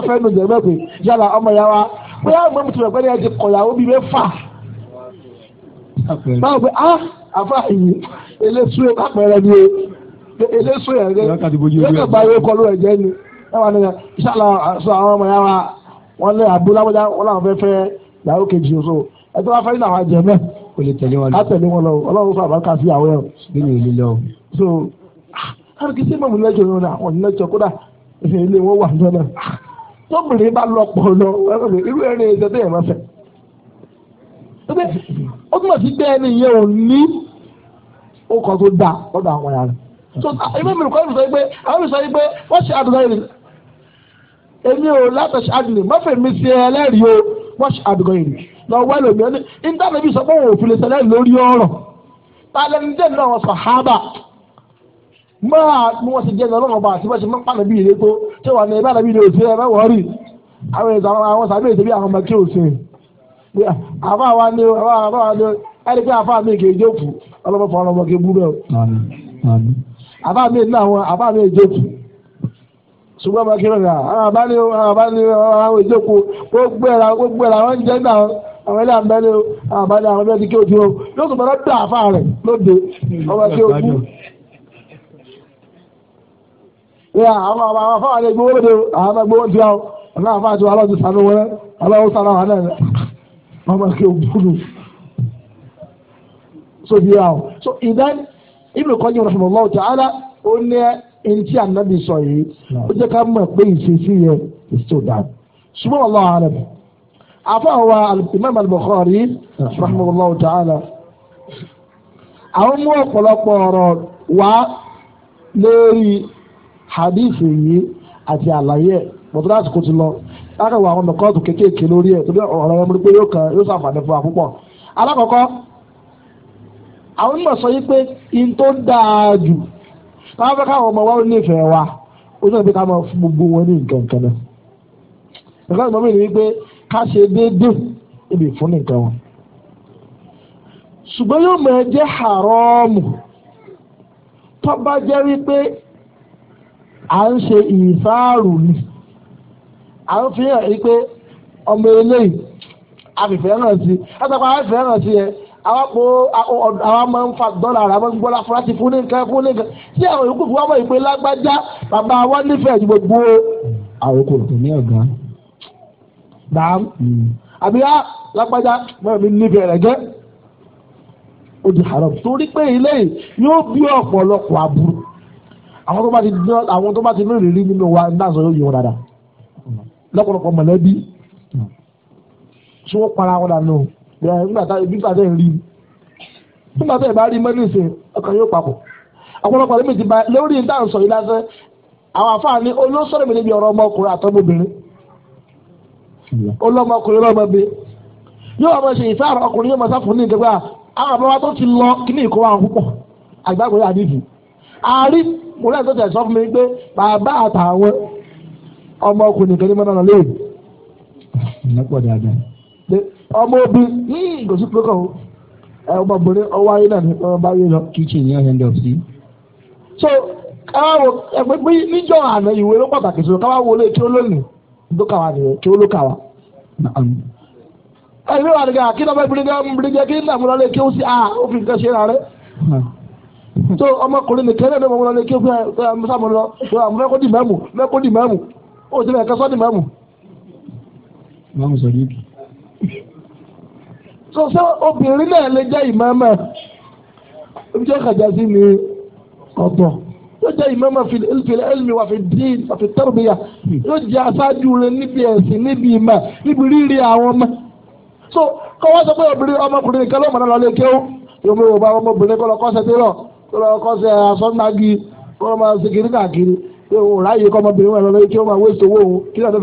fẹ́ ní jàmbá pé yálà ọmọ ya wa bóyá àwọn mọ̀tò ẹgbẹ́ yẹn ti kọ̀yàwó bíi mẹ́fà báwo pé a ah, àfa yìí eléṣu yẹn bá pẹ̀rẹ̀ ni o eléṣu yẹn rẹ lọ́kàn bá yẹ kọ́ ló rẹ̀ jẹ́ ni ẹ wà nínú ìṣàlà sọ àwọn ọmọ ya wa wọn lé àbúláwọ́dá wọn làwọn fẹ́ fẹ́ yàrá kejì o so ẹ tó bá fẹ́ nínú àwọn o lè tẹ̀lé wọn lọ. a tẹ̀lé wọn lọ ọlọ́run fún àbáká sí àwọn ẹ̀rọ. bínú ìlú lọ. so àrùkí ah, sí mọ̀mú lẹ́jọ́ yóò náà àwọn ìlẹ́jọ́ kódà ilé wọn wà ní ọ̀nà. Ah, tóbìnrin bá lọ pọ̀ lọ irú ẹ̀rẹ́ ẹ̀jẹ̀ tó yẹ máa fẹ̀. ó túmọ̀ sí bẹ́ẹ̀ ni ìyẹn ò ní ó kọ́ tó dáa lọ́dọ̀ àwọn ẹ̀yà rẹ̀. so ah, ìwé mi kọ́ ìrùsọ yìí pé àwọn ìrùsọ yìí pé wọ́n ṣe àdùnnà yìí èmi ò látọ̀ ṣe àdùnnà mọ́fẹ̀mí sí ẹlẹ́rìí o wọ́n ṣe àdùnnà yìí. lọ wá lòmí ọdún intanẹbi sọ pé òun ò fi lè ṣẹlẹ̀ lórí ọ̀rọ̀ talẹnudẹ náà wọn sọ hábà máa ni wọn ti jẹ ní ọba àti ti bí ilé tó tí wọn ní ìbára bí ilé rí àwọn àwọn àwọn ọmọ kí àfa wa ni àfa àfa wa ni ẹni pé àfa mi kì í jókòó fún kì í bú bẹ́ẹ̀ àfa mi ní àwọn àfa àwọn ilé àbẹ́lẹ̀ àwọn àwọn ẹgbẹ́ ti kí yóò sọ fẹ́rẹ́ dà àfa rẹ̀ lóde ọba tí ó kú. àwọn àwọn àwọn afáwọn lóde àwọn ẹgbẹ́ owó ti àwọn ọ̀nà àfáà tí wọn aláwọ̀ ti sànú wọlé aláwọ̀ náà wọn máa kí òkúrú so bí àwọn. so ìdán ibùdó kọ́jú rahmanulahu ta'ala ó ní ẹnití sọ yìí ó jẹ́ ká mọ̀ pé ìṣesí is still down. afáwa imam al-bukhari rahmatulahu ta'ala àwọn mú ọ̀pọ̀lọpọ̀ ọ̀rọ̀ wá lórí hadith yìí àti àlàyé bọ̀dọ̀ láti kó ti lọ lákàwọ̀ àwọn mẹ̀kọ́ọ̀tù kéékèèké lórí ẹ̀ tó bí ọ̀rọ̀ ẹ̀ mú pé yóò kàn yóò sàǹfààní fún wa púpọ̀ alákọ̀ọ́kọ́ àwọn onímọ̀ sọ yìí pé in tó dáa jù káwọn fẹ́ káwọn ọmọ wa ó nífẹ̀ẹ́ wa ó sọ̀rọ̀ pé káwọn gbogbo wọn ní nǹkan kan náà nǹkan ìgbọ́n mi ni wípé ká ṣe déédéé ibi ìfúnni nǹkan wọn. ṣùgbọ́n yóò máa jẹ́ haramu tó bá jẹ́ wípé à ń ṣe ìfáàrù ni à ń fi hàn wípé ọmọ eléyìí àfìfẹ́ náà sí látàkùn àfìfẹ́ náà sí yẹn àwọn máa ń fa dọ́là ara máa ń gbọ́lá fúrásì fún nìkan fún nìkan tí àwọn yòókù fún wa mọ̀ ìpè lágbájá bàbá wa nífẹ̀ẹ́ gbogbo àwọn kò tó ní ọ̀gá dàm àbíyá lápájá mọ̀ mi nífẹ̀ẹ́ rẹ̀ gẹ́ o di haram torí pé ilé yóò bí ọ̀pọ̀lọpọ̀ aburú àwọn tó bá ti dán àwọn tó bá ti ní ìrírí nínú wa ń dáhùn sọ yóò yẹ wọn dáadáa lọ́pọ̀lọpọ̀ mọ̀lẹ́bí tí para wọn dànù nígbà tá ibi tàdé ń rí nígbà tá ìbá rí mẹ́lẹ́sẹ̀ ọkàn yóò papọ̀ ọ̀pọ̀lọpọ̀ lẹ́mìtì bá lórí ń sọ yìí lásán àwọn àfáà ní mi níbi ọ̀rọ̀ ọmọkùnrin àtọ́mọbìnrin olómọkùnrin lọ́mọbe yóò máa ṣe ìsáàrà ọkùnrin yóò máa sáfún ní ìdẹ́gbà àwọn àbáwá tó ti lọ kí ní ìkọ́wá púpọ̀ àgbàgbọ́ yà nídìí àárí mùrẹ́ tó tẹ̀ sọ fún mi pé bàbá àtàwọn ọmọkùnrin kẹ́lẹ́ mọ́nà lọ léèrè. ọmọ obì kò sí pé kàn ó ọmọbìnrin ọwọ́ ayé náà ni ọmọ bá yé lọ. kitchen yẹn hand up sí. so káwá wo ẹgbẹ́ níjọ́ àná ìwé ló pàtàkì sọ káwá wo lè kí ó lónìí dókà wa nìyẹn kí ó ló kà wa. ẹ̀yin mi wà nìkan kí lọ́mọ ìbílẹ̀ ìbílẹ̀ kí nà múlọ́lẹ̀ kí ó sì à o fi nǹkan ṣe rà rẹ̀. tó ọmọkùnrin nìkan náà lọ́mọ múlọ́lẹ̀ kí ó fẹ́ sàmù lọ mẹ́kọ́ dì mẹ́mù mẹ́kọ́ dì mẹ́mù ó sì mẹ́kọ́ sọ́ dì mẹ́mù. so ṣé obìnrin náà lè jẹ́ ìmọ̀ọ́mọ̀ ibi tí ó kàjá sí ni ọ̀tọ̀ yóò jẹ́ ìmọ̀ọ́mọ̀ fìlẹ̀ ẹ̀lmi wà fi dín wà fi tẹ́rùbíyà yóò jẹ́ aṣáájú rẹ níbi ẹ̀sìn níbi ìmọ̀ níbi rírí àwọn ọmọ. so kọ́ wá sọ pé obìnrin ọmọkùnrin nìkan ló mọ̀nà lọ́lé kéwú yóò mú ìwòba ọmọbìnrin kọ́ lọ kọ́sẹ̀ tẹ́lọ̀ kọ́ lọ kọ́sẹ̀ asọ́nàgì kọ́ lọ máa segin káàkiri yóò ráàyè kọ́ ọmọbìnrin wọn lọ́lé kéwú máa wéṣọ owó òun kí lọ́ọ́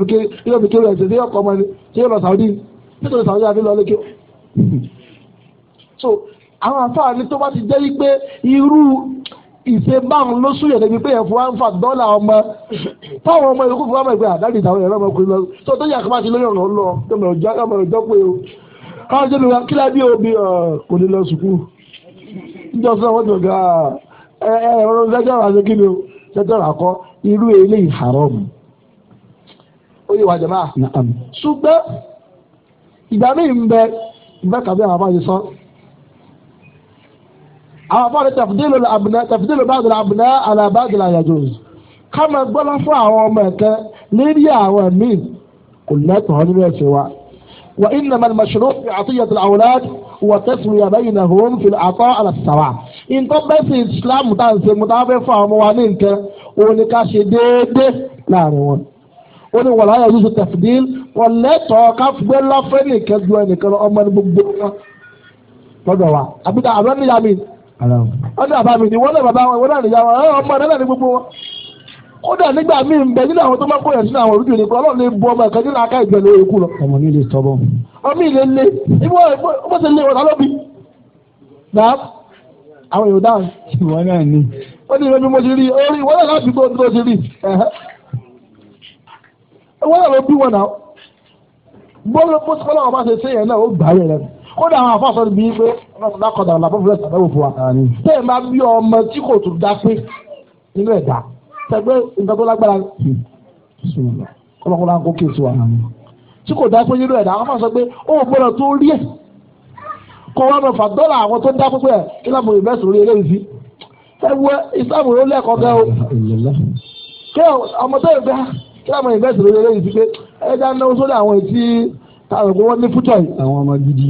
fi kéwú so àwọn àfáà ni tó bá ti ìṣèbáwọn ló súyẹ̀ débi pé ẹ̀fọ́ àǹfà dọ́là ọmọ táwọn ọmọ ìlú fúnra mẹ́gbẹ́ àdáàdì ìtàwọn ẹ̀rọ ọmọkùnrin lọ tó tó yà kí wọ́n ti lóyún ọ̀rọ̀ lọ ọmọ ìjọ ọmọ ìjọ pé o káwọn jẹ́ mi wá kí lábí obi kò ní lọ sùkúù níjọ sọ wọn jọ̀gá ẹ̀rọ sẹ́jọ́rọ̀ àti kí ni o sẹ́jọ́rọ̀ àkọ́ irú ilé haram ó yẹ wà jẹ́ máa ṣùgbọ́n ìgbà míì ń bẹ ìgbà kàbí àwọn àwọn afọ́ni tafdilu abuna tafdilu ba'dil abuna ala ba'dil yajuz ká máa gbọ́lá fún àwọn ọmọ ẹ̀kẹ́ lérí àwọn míì kò lẹ́tọ̀ọ́ nínú ẹ̀sìn wa. وإنما المشروع في عطية الأولاد هو التسوية بينهم في العطاء على السواء إن طبعا الإسلام متعسى متعبة فهموانينك ونكاش ديد لا نوان وني ولا يجوز التفضيل ولا توقف بلا فني كذواني كلا أمان بقبوة فدوا أبدا أبدا يامين ọdún àbámi ni wọ́n náà bàbá wọn wọ́n náà nìyá wọn ọmọ náà ní gbogbo wọn. kódà nígbà míì ń bẹ nínú àwọn tó máa kó yẹn sínú àwọn olùdíje nìkan ọlọ́run lè bu ọmọ ẹ̀ka nínú aká ìgbẹ́ lórí ikú lọ. ọmọ mi lè tọ́ bọ́. ọmọ ìlẹ̀ lé ibo ọmọ ti lé ọ̀tá lóbi. náà àwọn èèyàn dáhùn. ìwọ náà ni. ó ní ìrẹ́bí mo ti rí orí ìwọ náà láti gbó tó ti rí. ìwọ náà ló bí wọn náà. bọ́ọ̀lù kódà àwọn afáàsọ níbi yìí pé ọlọ́run lákọ̀dà ọ̀la fún fúlẹ̀tì àbẹ̀wò fún wa. tẹ́ ẹ̀ máa bí ọmọ tí kò tún dá pé nínú ẹ̀dá tẹ̀gbẹ́ nǹkan tó lágbára kọ́lọ́kọ́lá ń kó kéésì wa. tí kò dá pé nínú ẹ̀dá àwọn afáàsọ pé ó gbọ́dọ̀ tó rí ẹ̀ kó wá lọ fà dọ́là àwọn tó dá pé kí lámò ìbẹ́sì orí eléyìí sí. ẹ wo ìsáàmù ló lẹ́kọ̀ọ́ gẹ́ o. kí ọmọ tó yẹ kí lámò ìbẹ́sì orí eléyìí sí pé ẹ já náwó sórí àwọn ètí táwọn òkú wọn ní fútọ̀ yìí. àwọn ọmọ gidi.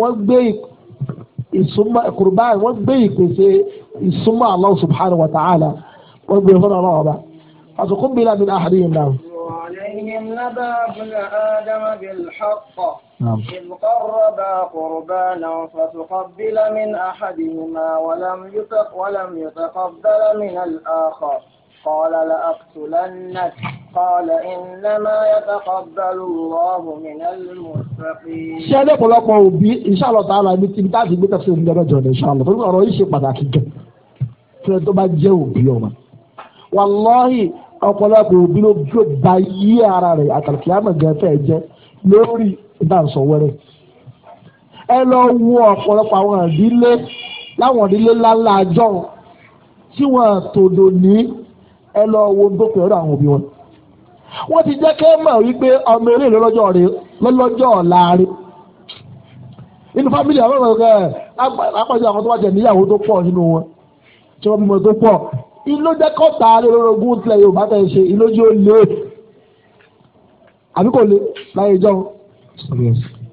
wọ́n gbé ìsúnmọ́ kurban wọ́n gbé ìpèsè ìsúnmọ́ Allah subhanahu wa ta'ala wọ́n gbé fún ọlọ́wọ́ bá àtúkùn bí lábẹ́ àhàdí yìí náà. وعليهم نبأ ابن قال لأقتلنك قال إنما يتقبل الله من المتقين. ṣé ẹlẹ́pọ̀lọpọ̀ òbí inshallah ta'ala ibi tí táàbì gbé tẹ̀sí òun jẹ́rọ̀ jọ̀rọ̀ inshallah torí ọ̀rọ̀ yìí ṣe pàtàkì gan fẹ́ tó bá jẹ́ òbí ọmọ. wàláhì ọ̀pọ̀lọpọ̀ òbí ló gbé ba yí ara rẹ̀ àtàkìyàmọ̀ gan fẹ́ jẹ́ lórí ìdáǹsọ̀ wẹ́rẹ́. ẹ lọ wo ọ̀pọ̀lọpọ̀ àwọn ìdílé láwọn ìdílé ńláńlá àjọ tí wọ́n tòdò ní ẹ lọ wo tó pè ọ́dọ̀ àwọn òbí wọn. wọ́n ti jẹ́ kẹ́ mọ̀ wípé ọmọ eré lọ́lọ́jọ́ rẹ lọ́lọ́jọ́ ọ̀la rẹ. inú fámìlì àwọn ọ̀rọ̀ kẹ́ apàṣẹ àwọn tó bá jẹ níyàwó tó pọ̀ nínú wọn tí wọ́n bímọ tó pọ̀. iló jẹ́ kọ́ta lórogún tilẹ̀ Yorùbá tẹ̀ ṣe iló jẹ́ ó lé àbí kò lé láyé ìjọ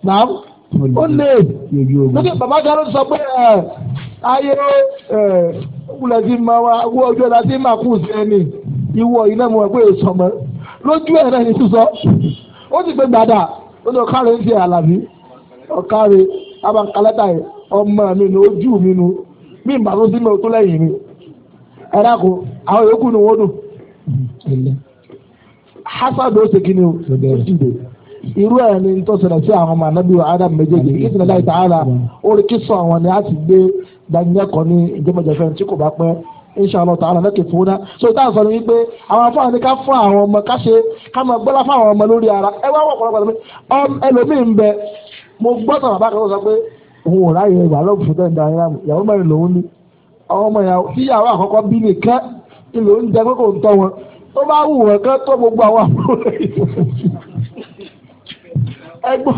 naam ó lé lókè bàbá kan ló sọ pé ayé kúlẹ̀ tí ma wá owó ọjọ́ la ti máa kú sí ẹni ìwọ iná mọ̀ pé èso mọ́ lójú ẹ̀ náà ní sísọ ó sì pé gbàdà ó ní ọ̀kárẹ̀ ń ṣe àlàbí ọ̀kárẹ̀ abankalẹ́tà yìí ọmọ mi ní ojú mi nu mí ìgbà tó sí mi ò tó lẹ́yìn mi ẹ̀rá kó àwọn yòókù ni wọ́n dùn hasad ó segin ni o jìde irú ẹ̀ ni tó ṣẹlẹ̀ sí àwọn ọmọ anábì adam méjèèjì ìdílé láì tààrà orí kí sọ àwọn ni a sì gbé dánilẹ́kọ̀ọ́ ní ìjẹ́mọ̀jẹ̀fẹ́ tí kò bá pẹ́ inshallah ta'ala lẹ́kẹ̀ fún náà so táà sọ ni wípé àwọn afọ́ àní ká fún àwọn ọmọ ká ká máa gbọ́lá fún àwọn ọmọ lórí ara ẹ wá wọ̀ pọ̀lọpọ̀ mi ẹlòmíì ń bẹ mo gbọ́ sọ̀rọ̀ bá kan sọ pé òun ò ráyè ìwà lọ́gùn fún tẹ́ǹdà ayé àmì ìyàwó mẹ́rin lòun ni àwọn ọmọ ìyàwó tí ìyàwó àkọ́kọ́ bí nìkẹ́ ìlò ń jẹ pé ń tọ́ wọn tó bá wù wọn kẹ́ tó gbogbo àwọn àbúrò ẹgbọ́n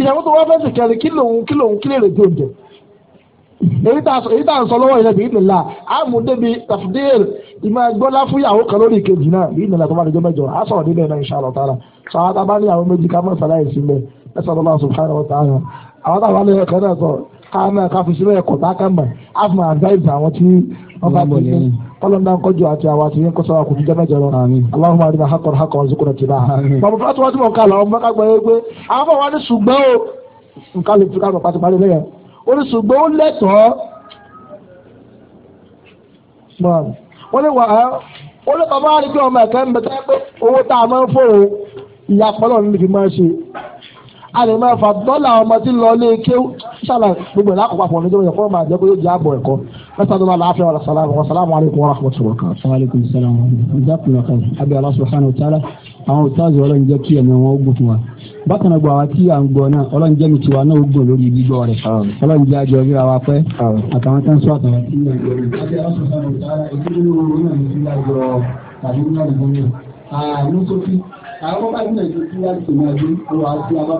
ìyàwó tó wá fẹ́ sìkẹ́rin kí lòun kí lòun kí lè rèé èyí tá à ń sọ lọ́wọ́ ìlẹ̀ bíi nìlá àmú débi tafdil ìmọ̀ ẹgbọ́lá fún ìyàwó kan lórí ìkejì náà bíi nìlá tó bá dẹjọ́ mẹ́jọ á sọ̀rọ̀ níbẹ̀ náà insha Allah ta'ala sọ àwọn tábà ní àwọn méjì ká mọ̀ sàlàyé sílẹ̀ ẹ sọ̀rọ̀ lọ́wọ́ subhanahu wa ta'ala àwọn tábà ní ẹ̀kọ́ náà sọ fi sílẹ̀ ẹ̀kọ́ tá ká mọ̀ ti kọjú àti àwọn àti yẹn lọ. hakọ̀ hakọ̀ oríṣùgbọ́n ó lẹ́tọ̀ọ́ wọ́n lè wà á ó lè bàbá rí pé ọmọ ẹ̀kẹ́ ń bẹ tẹ́ pé owó tá a máa ń fòun ìyá pọ́lọ́ ní fi máa ṣe a lè máa fà dọ́là ọmọ tí ń lọ ilé kéwú ṣàlà gbogbo ẹ̀ lákòókò àpọ̀ níjọba ìyẹ̀fọ́ máa jẹ́ pé yóò jẹ́ àbọ̀ ẹ̀kọ́ mẹ́ta tó máa láàfin ọ̀rọ̀ sàlámù alaikum warahmatullahi wabarakatuh. wa alaikum salaam wa rahmatullahi wabarakatuh àwọn òtáàzù ọlọ́run jẹ́ kí ẹ̀mí wọn ó gùn fún wa bákan náà gbọ́ àwa tí à ń gbọ́ náà ọlọ́run jẹ́ mi tiwa náà ó gùn lórí gbígbọ́ rẹ̀ ọlọ́run jẹ́ àjọ ríra wa pẹ́ àtàwọn tó sọ àtàwọn tí ń yàn rẹ̀.